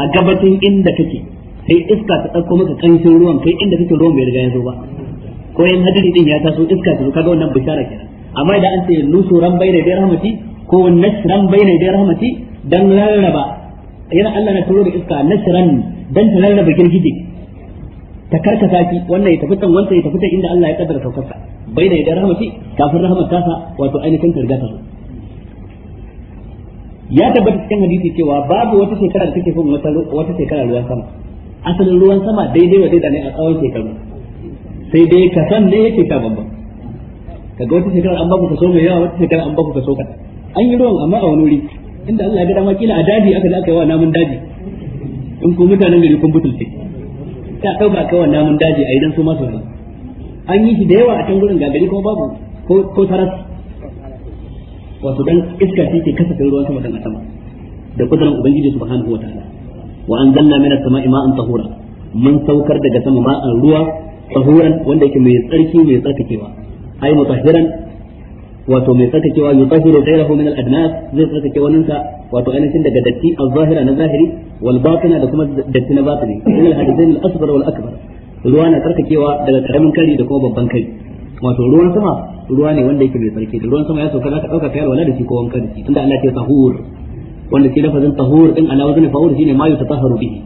a gabatin inda kake sai iska ta dauko maka kanshin ruwan kai inda kake ruwan bai riga ya zo ba ko in hadari din ya taso iska ta kaga wannan bishara kenan amma idan an ce nusuran bayna da rahmati ko nasran bayna da rahmati dan rarraba yana Allah na turo da iska nasran dan ta rarraba girgije ta karkasa shi wannan ya tafi can wanda ya tafi can inda Allah ya kaddara saukarsa bai da idan rahmati kafin rahmat tasa wato ainihin kirga su ya tabbata cikin hadisi cewa babu wata shekara da take fin wata shekara ruwan sama asalin ruwan sama daidai wa daidai ne a tsawon shekaru sai dai kasan ne yake ta babban kaga wata shekara an baku so mai yawa wata shekara an baku so kaɗan an yi ruwan amma a wani wuri inda Allah ya ga dama kila a daji aka da ka yi wa namun daji in ko mutanen gari kun butulce ta ba kai wa namun daji a idan su ma ne an yi shi da yawa a can gurin gagari kuma babu ko ko taras wato dan iska take ke kasafin ruwan sama dan a sama da kudurin ubangiji subhanahu wa ta'ala wa anzalna minas sama'i ma'an tahura mun saukar daga sama ma'an ruwa tahuran wanda yake mai tsarki mai tsarkakewa ai mutahhiran wato mai tsarkakewa yutahiru ghayrahu min al-adnas zai tsarkake cewa sa wato ainihin daga datti az-zahira na zahiri wal batina da kuma datti na batini min al-hadithain al-asghar wal akbar ruwa na tsarkakewa daga karamin kari da kuma babban kari wato ruwan sama ruwa ne wanda yake mai tsarki da ruwan sama ya sauka zaka dauka kayar wala da shi ko wanka da shi tunda Allah ya tahur wanda shi lafazin tahur din ana wazin fa'ur shine ma yutatahharu bihi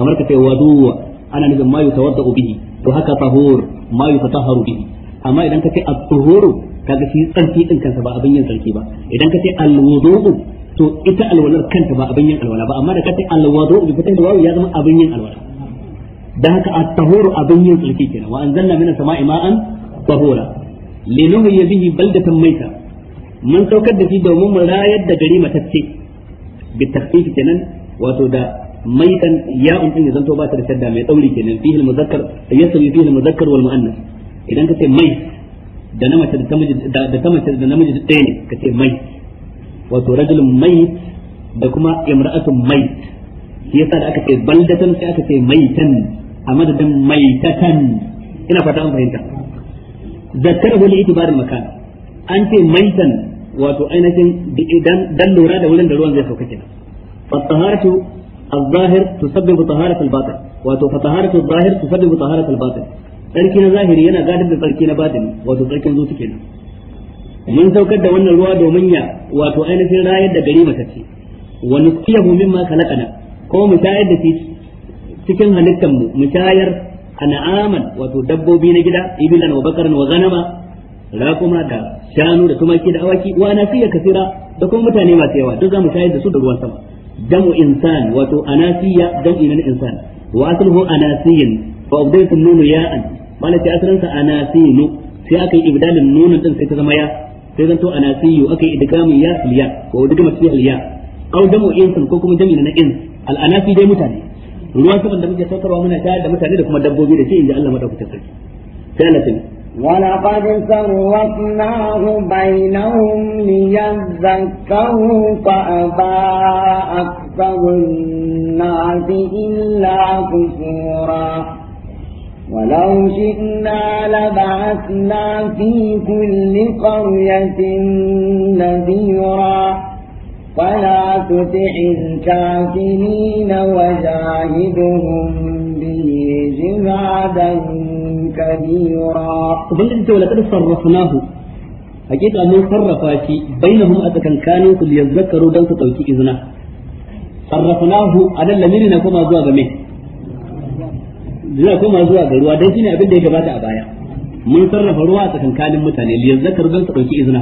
kamar ka ce waduwa ana nufin ma yutawaddau bihi to haka tahur ma yutatahharu bihi amma idan ka ce at-tuhuru kaga shi tsarki din kansa ba abin yin tsarki ba idan ka ce alwudu to ita alwalar kanta ba abin yin alwala ba amma da ka ce alwudu bi fitan da wawu ya zama abin yin alwala dan haka at-tahuru abin yin tsarki kenan wa anzalna minas sama'i ma'an tahura linuhyi bihi baldatan mayta mun saukar da shi domin mu rayar da gari matacce bi tafsiri kenan wato da maitan ya umtin ya zanto ba ta da shadda mai dauri kenan fihi al-muzakkar yasawi fihi al-muzakkar wal mu'annas idan ka ce mai da na mace da ta da ta mace da namiji da ɗaya ne kace mai wato rajulun mai da kuma imra'atun mai shi yasa da aka ce baldatan sai aka ce maitan a madadin maitatan ina fata an fahimta zakkarahu li itibarin makan an ce maitan wato ainihin dan lura da wurin da ruwan zai sauka kenan fasaharatu الظاهر تسبب طهارة الباطن وتطهارة الظاهر تسبب طهارة الباطن tsarki na zahiri yana gadar da tsarki na batini wato tsarkin zuci kenan mun saukar da wannan ruwa domin ya wato ainihin rayar da gari matacce wa nusqiyahu mimma khalaqana ko mu shayar da shi cikin halittar mu mu tayar an'aman wato dabbobi na gida ibilan wa bakaran wa ganama rakuma da shanu da tumaki da awaki wa na ka kasira da kuma mutane masu yawa duk za mu shayar da su da ruwan sama jamu insan wato anasiya jam'i na insan wa asluhu anasiyin fa ubdaytu nunu ya'an malai sai asalin sa anasilu sai aka yi ibdalin nunun din sai ta zama ya sai zan to anasiyu aka yi idgamin ya al ya wa idgamin fi al ya aw damu insan ko kuma jami'in na ins al anasi dai mutane ruwan saman da muke saukarwa muna tayar da mutane da kuma dabbobi da shi inda Allah madaukakin sarki sai Allah ta ولقد صرفناه بينهم ليذكروا فأبى أكثر الناس إلا كفورا ولو شئنا لبعثنا في كل قرية نذيرا فلا تطع الكافرين وجاهدهم به جهادا كبيرا وبالله تعالى صرفناه hakika mun sarrafa shi bainahum a tsakankanin su liyazakaru don su ɗauki izina sarrafnahu a nan lamiri na kuma zuwa ga yana koma zuwa ga ruwa dan shine abin da ya gabata a baya mun sarrafa ruwa a tsakankanin mutane yanzu zakar don ta dauki izina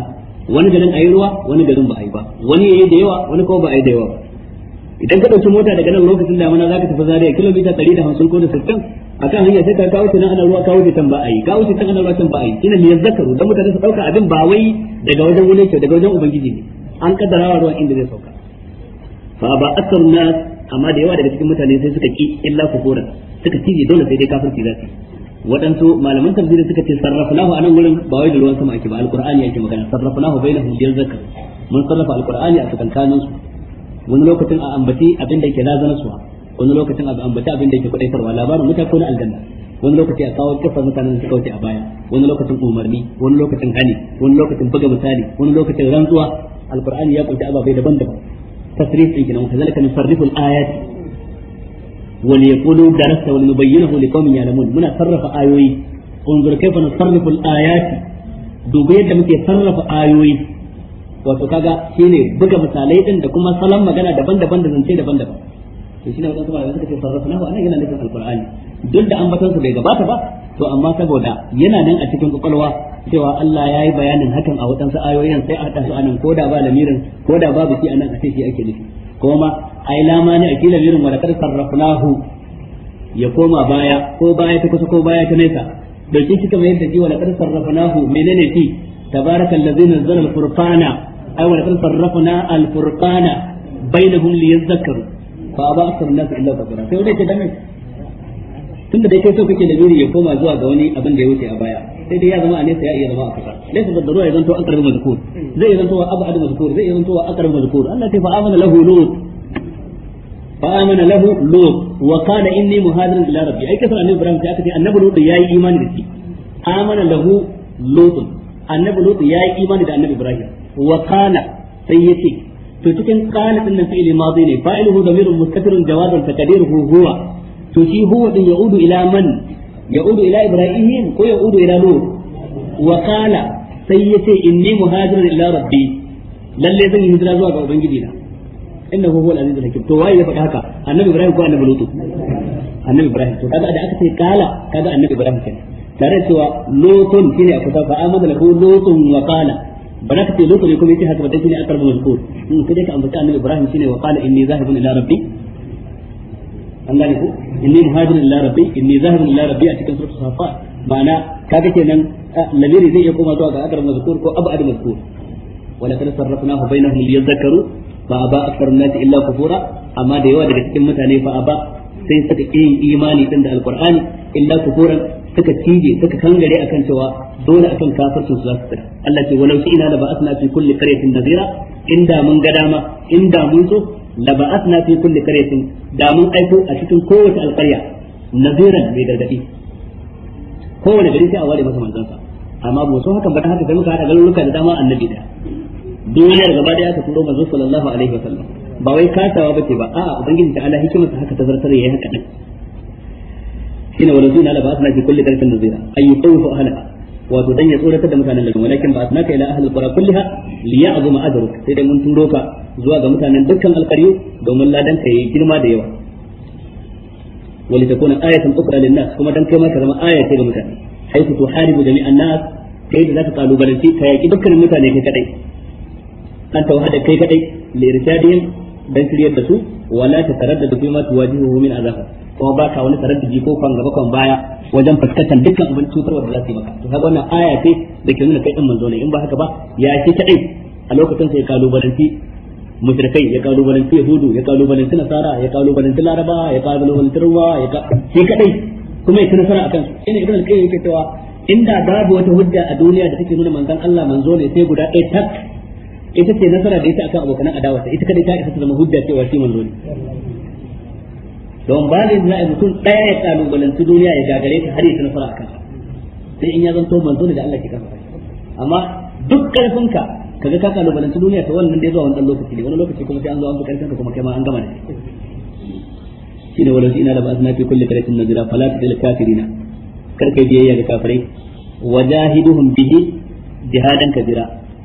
wani garin ayi ruwa wani garin ba ayi ba wani yayi da yawa wani kuma ba ayi da yawa idan ka dauki mota daga nan lokacin damuna zaka tafi zariya kilomita 150 ko da 60 akan hanya sai ka kawo ta nan ana ruwa kawo ta ba ayi kawo ta nan ruwa tan ba ayi ina liyan zakaru dan mutane su dauka abin ba wai daga wajen wani ke daga wajen ubangiji ne an kaddarawa ruwa inda zai sauka fa ba akthar nas amma da yawa daga cikin mutane sai suka ki illa kufura suka cije dole sai dai kafirci za su waɗansu malaman tafsiri suka ce sarrafa sarrafnahu a nan wurin ba wai da ruwan sama ake ba alqur'ani ake magana sarrafa sarrafnahu bainahum bil zakar mun sarrafa alqur'ani a tsakankanin su wani lokacin a ambaci abin da ke lazana suwa wani lokacin a ambaci abin da yake kudaitarwa labarin mutane ko na aljanna wani lokaci a kawo kafar mutanen da suka wuce a baya wani lokacin umarni wani lokacin hani wani lokacin buga misali wani lokacin rantsuwa alqur'ani ya kunshi ababai daban-daban tasrif din kenan kazalika farrifu al ayat wal yaqulu darasta wal nubayyinahu liqaumin ya'lamun muna sarrafa ayoyi unzur kayfa nusarrifu al ayati yadda muke sarrafa ayoyi wato kaga shine buga misalai ɗin da kuma salon magana daban-daban da zance daban-daban suka ce yana nufin duk da ambaton su bai gabata ba to amma saboda yana nan a cikin kwakwalwa cewa Allah ya yi bayanin hakan a waɗansu ayoyin sai a haɗa su anan ko da ba lamirin ko da babu shi anan a sai shi ake nufi koma ai lamani akila mirin wa sarrafnahu ya koma baya ko baya ta kusa ko baya ta nesa dauke shi kamar yadda sarrafnahu menene nazzala ai wa sarrafna bainahum fa an-nas illa sai wanda ke tunda dai kai so kake lamiri ya koma zuwa ga wani abin da ya wuce a baya sai dai ya zama a nesa ya iya zama a da daruwa ya zanto mazkur zai abadu mazkur zai mazkur Allah fa amana lahu lut fa amana lahu lut wa qala inni ila rabbi ai annabi ibrahim sai aka ce annabi lut yayi imani da shi amana lahu lut annabi lut yi imani da annabi ibrahim wa qala sai yace to cikin qala din nan fi'li madi ne fa'iluhu damirun mustatirun jawazan taqdiruhu huwa to shi huwa din yaudu ila man yaudu ila ibrahim ko yaudu ila lut wa qala sai yace inni muhajirun ila rabbi lalle zan yi hijira zuwa ga ubangiji na innahu huwal azizul hakim to waye ya faɗa haka annabi ibrahim ko annabi lut annabi ibrahim to kaga da aka ce kala kaga annabi ibrahim kenan tare cewa lutun shine a kusa fa amana lahu lutun wa qala bana ka ce lutun ne kuma yace haka ba hmm, dai shine akar mazkur in kaje ka ambata annabi ibrahim shine wa qala inni zahibun ila rabbi an gane ko inni muhajirin ila rabbi inni zahirun ila rabbi a cikin suratul safat ma'ana kaga kenan lamiri zai iya koma zuwa ga akar mazkur ko abu abad mazkur wa laqad sarrafnahu bainahum liyadhakkaru fa aba akthar an-nas illa kufura amma da yawa daga cikin mutane fa aba sai suka yi imani din da alqur'ani illa kufuran suka cije suka kangare akan cewa dole akan kafircin su za su tsira Allah ce walau shi ina da ba'athna fi kulli qaryatin nadira inda mun ga dama inda mun so la ba'athna fi kulli qaryatin da mun aiko a cikin kowace alƙarya nadiran mai gargadi kowane gari sai a ware masa manzon sa amma ba hakan ba ta haka sai muka hada garuruka da dama annabi da duniyar gaba da aka turo manzo sallallahu alaihi wa sallam ba wai kasawa bace ba a'a ubangiji ta Allah hikimar sa haka ta zartar yayin haka din shine wala zuna la ba'athna fi kulli qaryatin nadira ayyuhu ahliha wato dan ya tsoratar da mutanen garin walakin ba asnaka ila ahlil qura kulliha liya'zuma ajruk sai dai mun turo ka zuwa ga mutanen dukkan alqaryu domin ladan ka yi girma da yawa wali takuna ayatan ukra lin nas kuma dan kai ma ka zama aya ce ga mutane haythu tuharibu jami'an nas kai da zaka kalubalanci ka yaki dukkanin mutane kai kadai an tawhada kai kadai li irshadihim dan shiryar da su wala ta taraddadu fi ma tuwajihu min azaba ko ba ka wani taraddudi ko kan gaba kan baya wajen fuskantar dukkan abin cutarwa da za su yi maka to kaga wannan aya ce da ke nuna kai din manzo ne in ba haka ba ya ce dai a lokacin sai kalubalanci mushrikai ya kalubalanci yahudu ya kalubalanci nasara ya kalubalanci laraba ya kalubalanci ruwa ya ka shi kadai kuma ya ci nasara akan su ina ibn al-qayyim yake cewa inda babu wata hujja a duniya da take nuna manzon Allah manzo ne sai guda ɗaya tak ita ce nasara da ita akan abokan adawa ita kadai ta isa ta zama hujja cewa shi manzo ne don ba ne na mutum ɗaya ya kalubalanci duniya ya gagare ta har ya nasara a kansa sai in ya zanto manzo ne da Allah ke kafa amma duk karfinka kaga ka kalubalanci duniya ta wannan ya zuwa wannan lokaci ne wani lokaci kuma sai an zo an bi karfinka kuma kai ma an gama ne shi ne wala ina da la ba'athna fi kulli na zira fala tudil kafirina kar kai biyayya ga kafirai wajahiduhum bihi jihadan kabira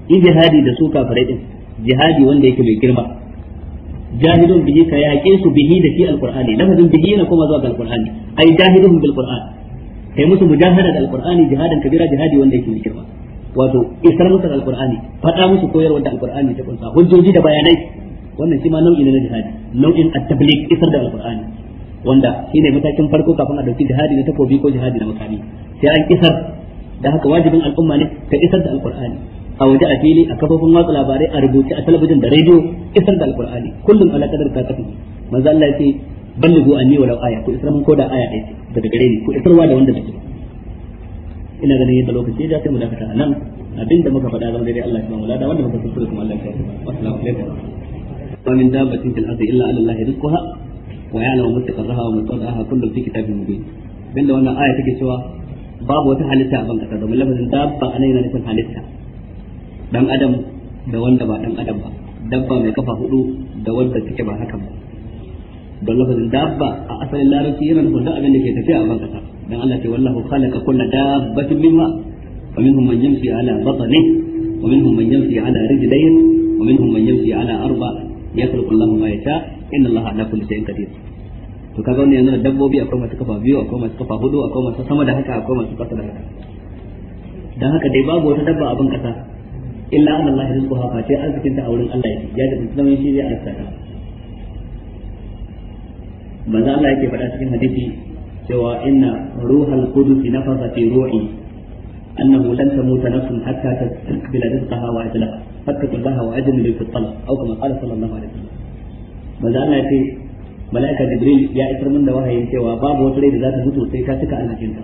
in jihadi da su kafirai din jihadi wanda yake mai girma jahidun bihi ka yaƙe su bihi da fi alqur'ani lafazin bihi yana kuma zuwa ga alqur'ani ai jahidun bil qur'an kai musu jahada da al'ƙur'ani alqur'ani jihadan kabira jihadi wanda ya yake mikirwa wato isar musu da al'ƙur'ani faɗa musu koyarwar da alqur'ani ta kunsa hujjoji da bayanai wannan shi ma nau'i na jihadi nau'in at-tabliq isar da al'ƙur'ani. wanda shi ne matakin farko kafin a dauki jihadi na takobi ko jihadi na makami sai an isar da haka wajibin al'umma ne ta isar da al'ƙur'ani. a waje a fili a kafofin watsa labarai a rubuce a talabijin da rediyo isar da alkur'ani kullum ala kadar ta kafi manzo Allah ya ce ballighu anni walau aya ko isar mun koda aya ɗaya daga gare ni ko isarwa da wanda take ina ganin yadda lokaci ya sai mu dakata nan abinda muka faɗa zama daidai Allah ya samu lada wanda muka tsura kuma Allah ya samu assalamu alaikum wa min dabbatin fil ardi illa ala Allah rizquha wa ya'lamu mustaqarraha wa mustaqdaha kullu fi kitabin mubin bin da wannan aya take cewa babu wata halitta a ban kasa domin lafazin dabba anan yana nufin halitta dan adam da wanda ba dan adam ba dabba mai kafa hudu da wanda take ba haka ba don lafazin dabba a asalin larabci yana nufin duk abin da ke tafiya a bankasa dan Allah ce wallahu khalaqa kulla dabbatin mimma fa minhum man yamshi ala batni wa minhum man yamshi ala rijlayn wa minhum man yamshi ala arba yakhluqu Allahu ma yasha inna Allah ala kulli shay'in qadir to kaga wannan yana dabbobi akwai masu kafa biyu akwai masu kafa hudu akwai masu sama da haka akwai masu kasa da haka dan haka dai babu wata dabba a bankasa illa an Allah rizquha fa sai arzikin ta a wurin Allah yake ya da sunan shi zai arsa ta manzo Allah yake faɗa cikin hadisi cewa inna ruhal qudus nafasa fi ruhi annahu lan tamuta nafsun hatta tastaqbila rizqaha wa ajlaha fattaqullaha wa ajmilu fi talab aw kama qala sallallahu alaihi wasallam manzo Allah yake mala'ika jibril ya isar min da wahayin cewa babu wata rai da za ta mutu sai ta cika arzikinta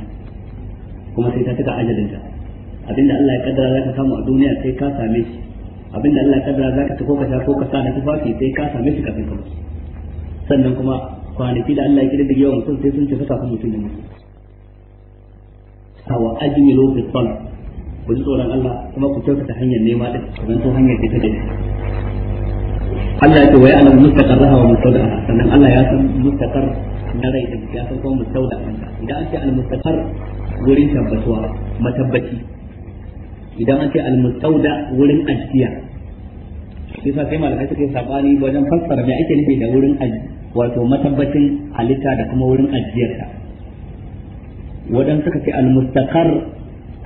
kuma sai ta cika ajalinta abinda Allah ya kaddara zaka samu a duniya sai ka same shi abinda Allah ya kaddara zaka ci ka sha ko ka sa na tufafi sai ka same shi kafin ka mutu sannan kuma kwanaki da Allah ya kira da yawa mutum sai sun cika kuma mutum ne mutu sawa lo fi sal ku ji tsoron Allah kuma ku ta hanyar nema din kamar to hanyar da take Allah ya ce wa ya'lamu mustaqarraha wa mustawda'aha sannan Allah ya san mustaqar na rai da ya san kuma mustawda'aha idan an ce al-mustaqar wurin tabbatuwa matabbaci idan an ce al-mustauda wurin ajiya shi sa sai malamai suke sabani wajen fassara me ake nufi da wurin wato matabbacin halitta da kuma wurin ajiyarta wadan suka ce al-mustaqar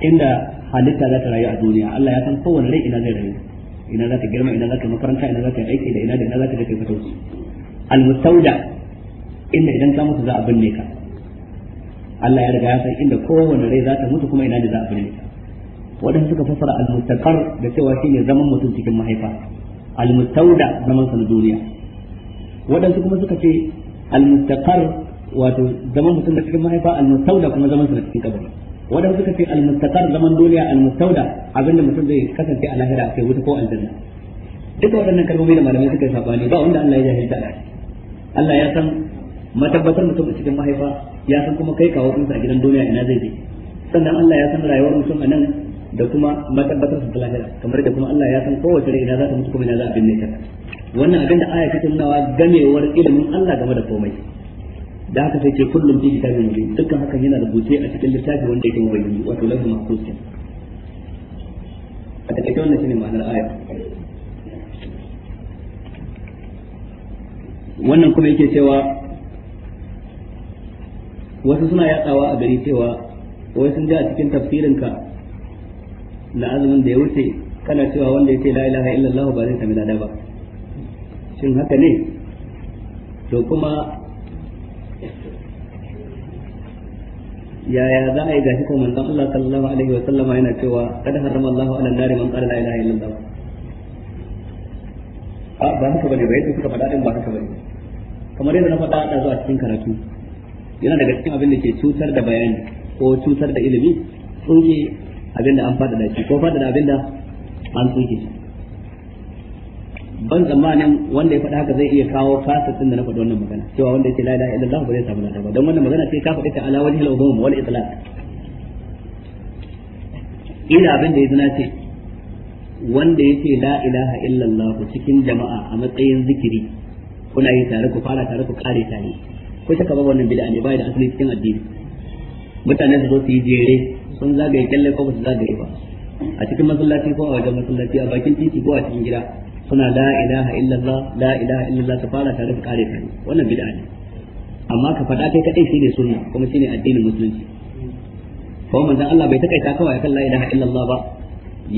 inda halitta za ta rayu a duniya Allah ya san kowanne rai ina zai rayu ina za ta girma ina za ta makaranta ina za ta aiki da ina da ina za ta kai fatauci al-mustauda inda idan ka mutu za a binne ka Allah ya riga ya san inda kowanne rai za ta mutu kuma ina da za a binne ka wadanda suka fassara al-mustaqar da cewa shine zaman mutum cikin mahaifa al-mustawda zaman sa na duniya wadanda kuma suka ce al-mustaqar wato zaman mutum da cikin mahaifa al-mustawda kuma zaman sa cikin kabari wadanda suka ce al-mustaqar zaman duniya al-mustawda abinda mutum zai kasance a lahira sai wuta ko aljanna duka waɗannan kalmomi da malamai suka yi sabani ba wanda Allah ya jahilta a Allah ya san matabbatar mutum a cikin mahaifa ya san kuma kai kawo kansa a gidan duniya ina zai je sannan Allah ya san rayuwar mutum a nan da kuma matabbatar su lahira kamar da kuma Allah ya san kowace rai na za ta mutu kuma na za a binne ta wannan abin da aya ta nawa gamewar ilimin Allah game da komai da haka sai ce kullum fi kitabin mubin dukkan hakan yana rubuce a cikin littafin wanda yake mubayyani wato lahu mahfuz a takaice wannan shine ma'anar aya wannan kuma yake cewa wasu suna yatsawa a gari cewa wai sun ji a cikin tafsirinka na azumin da ya wuce kana cewa wanda ya ce la ilaha illallah ba zai sami lada ba shin haka ne to kuma yaya za a yi gashi ko manzon Allah sallallahu alaihi wa sallama yana cewa kada harrama Allah ala nari man qala la ilaha illallah a ba haka bane ba yadda suka faɗa din ba haka bane kamar yadda na faɗa a zuwa cikin karatu yana daga cikin abin da ke cutar da bayani ko cutar da ilimi tsoge abinda an fada da shi ko fada da abinda an tsoke shi ban zamanin wanda ya faɗa haka zai iya kawo fasa tun da na faɗi wannan magana cewa wanda yake la ilaha illallah ba zai samu lada ba don wannan magana sai ka faɗi ta ala wajhil umum wal itlaq ila abin da yanzu ce wanda yake la ilaha illallah cikin jama'a a matsayin zikiri kuna yi tare ku fara tare ku kare tare ko ta kaba wannan bid'a ne bai da asali cikin addini mutane su zo su yi jere sun zagaye kyalle ko ba su zagaye ba a cikin masallaci ko a wajen masallaci a bakin titi ko a cikin gida suna la ilaha illallah la ilaha illallah ka fara tare da kare kai wannan bid'a ne amma ka faɗa kai kadai shine sunna kuma shine addinin musulunci ko manzon Allah bai takaita kawai akan la ilaha illallah ba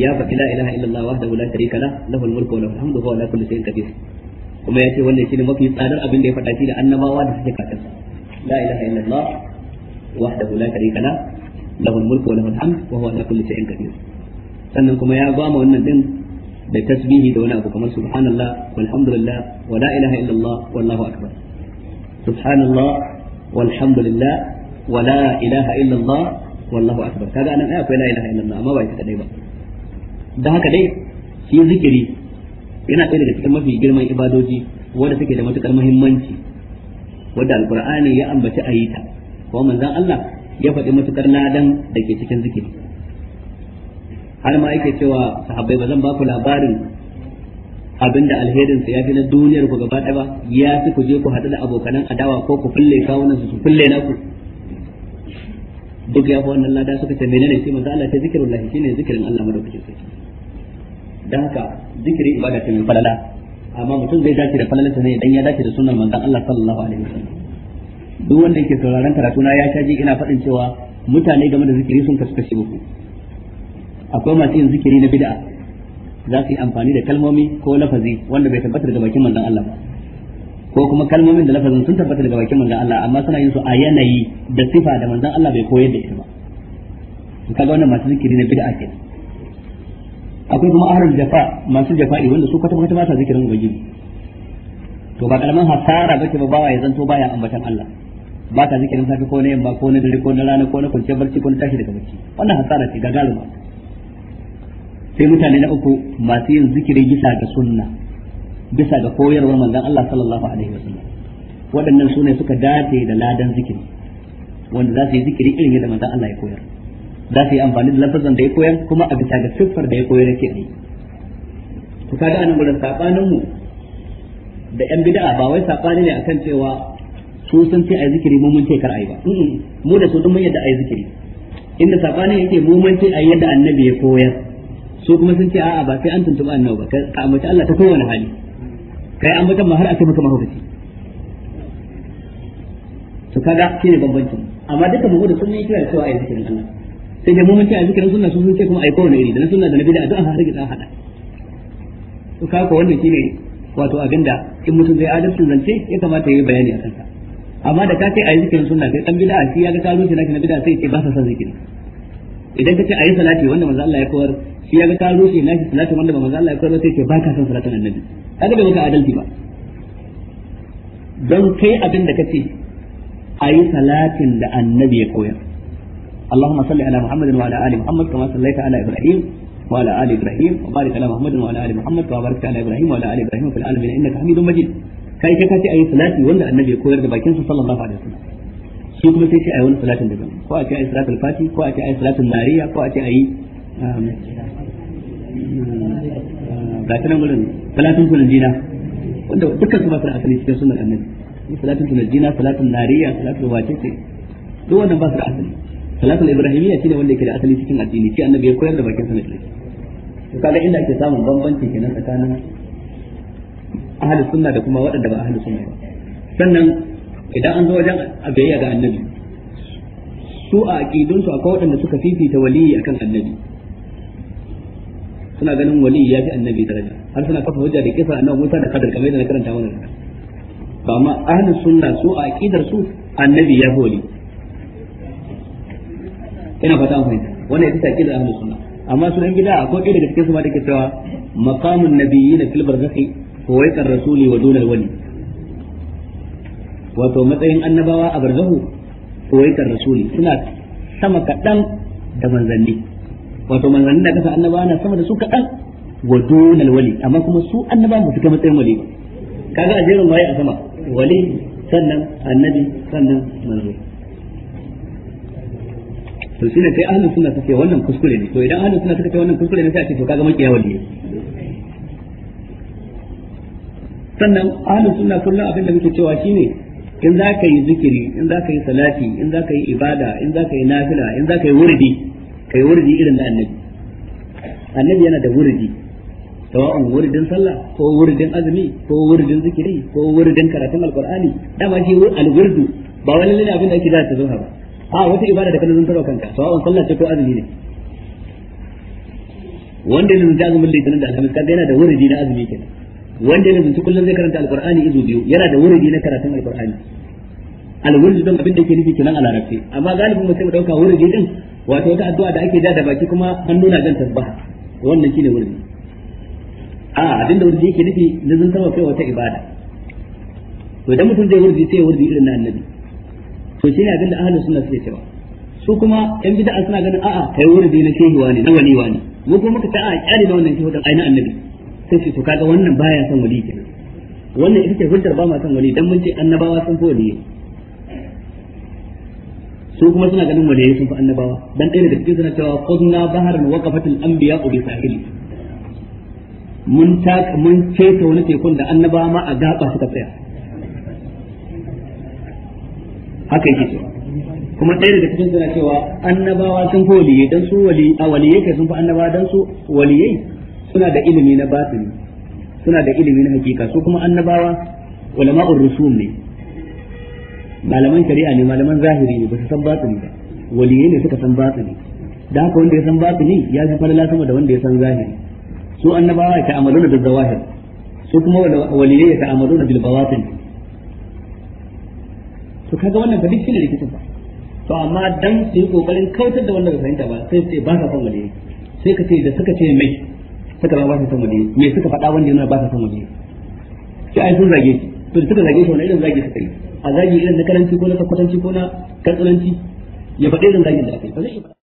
ya faɗi la ilaha illallah wahdahu la sharika la lahul mulku wa lahul hamdu wa ala kulli shay'in qadir kuma yace wannan shine mafi tsadar abin da ya faɗa shi da annabawa da suke kafin la ilaha illallah wahdahu la sharika la lahu mulku wa lahu al-hamd wa huwa ala kulli shay'in qadir sannan kuma ya gama wannan ɗin da tasbihi da wani abu kamar subhanallah walhamdulillah wa la walhamdulillah wa illallah wallahu akbar kaga anan ai akwai la illallah amma ba ita kadai ba dan haka dai shi zikiri yana ɗaya daga cikin mafi girman ibadoji wanda take da matukar muhimmanci wanda alkur'ani ya ambaci ayita ko manzon Allah ya faɗi matukar ladan da ke cikin zikiri har ma yake cewa sahabbai ba zan ba ku labarin abinda alherin sa fi na duniyar ku gaba ɗaya ba ya fi ku je ku haɗu da abokanan adawa ko ku fille kawunan su fulle naku duk ya fi wannan lada suka ce menene shi manzo Allah ta zikirullahi shine zikirin Allah madaukakin sarki dan haka zikiri ibada ce mai falala amma mutum zai dace da falalarsa ne idan ya dace da sunnar manzon Allah sallallahu alaihi wasallam duk wanda ke sauraron karatu na ya shaji ina faɗin cewa mutane game da zikiri sun kasu kashi uku akwai masu yin zikiri na bid'a za su yi amfani da kalmomi ko lafazi wanda bai tabbatar da bakin manzon Allah ba ko kuma kalmomin da lafazin sun tabbata daga bakin manzon Allah amma suna yin su a yanayi da sifa da manzon Allah bai koyar da ita ba kaga wannan masu zikiri na bid'a ke. akwai kuma ahlul jafa masu jafa'i wanda su kwata kwata ba sa zikirin ubangiji to ba karaman hasara bace ba bawa ya zanto baya ambatan Allah ba ka zikirin safe ko na yamma ko na dare ko na rana ko na kwanciyar barci ko na tashi daga barci wannan hasara ce gagaruma sai mutane na uku masu yin zikiri bisa ga sunna bisa ga koyarwar manzon Allah sallallahu alaihi wasallam waɗannan sune suka dace da ladan zikiri wanda za su yi zikiri irin yadda manzon Allah ya koyar za su yi amfani da lafazan da ya koyar kuma a bisa ga siffar da ya koyar yake yi to kaga anan gurin sabanin mu da yan bid'a ba wai sabani ne akan cewa su san ce ai zikiri mu mun ce kar ai ba mu da su dun mun yadda ai zikiri inda sabani yake mu mun ce ai yadda annabi ya koyar su kuma sun ce a'a ba sai an tuntuba annabi ba ka ambaci Allah ta kowane hali kai an bata ma har a kai maka mahaukaci to kaga shine bambancin amma duka mu da sunni kira cewa ai zikirin Allah sai dai mu mun ce ai zikirin sunna su sun ce kuma ai kowane iri da sunna da nabi da addu'a har gida hada to kaga wannan shine wato abinda in mutum zai adalci zance ya kamata ya yi bayani a kansa amma da ka ce yi zikirin sunna kai dan bid'a shi ya ga rushe naka na bid'a sai ce ba sa son zikiri idan ka ce yi salati wanda manzo Allah ya kawar shi ya ga rushe naki salati wanda manzo Allah ya kawar sai ce ba ka son salatin annabi kaga bai ka adalci ba don kai abin da kace yi salatin da annabi ya koyar اللهم صل على محمد وعلى ال محمد كما صليت على ابراهيم وعلى ال ابراهيم وبارك على محمد وعلى ال محمد كما على ابراهيم وعلى ال ابراهيم في العالمين انك حميد مجيد kai ka ce ayi salati wanda annabi ya koyar da bakin sa sallallahu alaihi wasallam shi kuma sai ce ayi wani salatin daban ko a ce ayi salatul fati ko a ce ayi salatul nariya ko a ce ayi um, um, ga tana gurin salatin kullun jina wanda dukkan su ba su da asali cikin sunnar annabi salatin kullun jina salatin nariya salatul wajibi ce duk wannan ba su da asali salatul ibrahimiyya shine wanda yake da asali cikin addini shi annabi ya koyar da bakin sa ne to kaga inda ake samun bambanci kenan tsakanin ahli sunna da kuma waɗanda ba ahli sunna ba sannan idan an zo wajen abiyya ga annabi su a aqidun su akwai waɗanda suka fifita waliyi akan annabi suna ganin waliyi ya fi annabi daraja har suna kafa hujja da kisa annabi Musa da Khadir kamar yadda na karanta wannan ba ma ahli sunna su a aqidar su annabi ya fi wali ina fata mun fahimta wannan ita ce ahli sunna amma sunan gida akwai ɗaya daga cikin su ma da ke cewa maqamun nabiyyin fil barzakhi huwaikar rasuli wa dunal wali wato matsayin annabawa a barzahu huwaikar rasuli suna sama kaɗan da manzanni wato manzanni da kasa annabawa na sama da su kaɗan wa dunal wali amma kuma su annabawa ba su kai matsayin wali ba kaga a jerin waye a sama wali sannan annabi sannan manzo to shine sai ahlus sunna suke wannan kuskure ne to idan ahlus sunna suka ce wannan kuskure ne sai a ce to kaga makiya wali sannan ahlus sunna kullum abin da muke cewa shine in za ka yi zikiri in za ka yi salati in za ka yi ibada in za ka yi nafila in za ka yi wurdi ka yi wurdi irin da annabi annabi yana da wurdi sawa'un wurdin sallah ko wurdin azumi ko wurdin zikiri ko wurdin karatun alqur'ani dama shi alwurdu ba wani lalle abin da ake da ta zuha ba a wata ibada da kana zantarwa kanka sawa'un sallah ce ko azumi ne wanda ne zai azumin litinin da alhamis kaga yana da wurdi na azumi kenan wanda ya zanci kullum zai karanta alqur'ani izu biyu yana da wuri na karatun alqur'ani alwurdi don abin da ke nufi kenan a larabci amma galibin mutum dauka wuridi din wato wata addu'a da ake da da baki kuma hannu na jan tasbaha wannan shine wuridi a abin da wurdi yake nufi zan sama kai wata ibada to idan mutum zai wurdi sai wurdi irin na annabi to shine abin da ahlus sunna suke cewa su kuma yan bid'a suna ganin a'a kai wurdi na shehiwa ne na waliwa ne mu kuma muka ta a kyale da wannan shehu da aina annabi sai ce to kaga wannan baya son wali kenan wannan ita ce hujjar ba ma son wali dan mun ce annabawa sun fi wali su kuma suna ganin wali sun fi annabawa dan ɗaya daga cikin suna cewa qudna baharan waqafat al-anbiya bi sahili mun ta mun keta wani tekun da annabawa ma a gaba suka tsaya haka yake cewa kuma ɗaya daga cikin suna cewa annabawa sun fi wali dan su wali a wali yake sun fi annabawa dan su waliyai suna da ilimi na batini suna da ilimi na hakika su kuma annabawa ulama'ur rusul ne malaman shari'a ne malaman zahiri ne ba su san batini ba waliyai ne suka san batini da haka wanda ya san batini ya fi falala sama da wanda ya san zahiri su annabawa ya amaluna da zawahir su kuma waliyai ya amaluna bil bawatin to kaga wannan ba dukkan likitan ba to amma dan su yi kokarin kautar da wannan fahimta ba sai sai ba ka san waliyai sai ka ce da suka ce mai suka ba su san waje me suka faɗa wanda yana ba su san waje shi ai sun zage shi to suka zage shi wani irin zage suka yi a zage irin na karanci ko na kwatanci ko na katsulanci ya faɗi irin zage da aka ba zai yi ba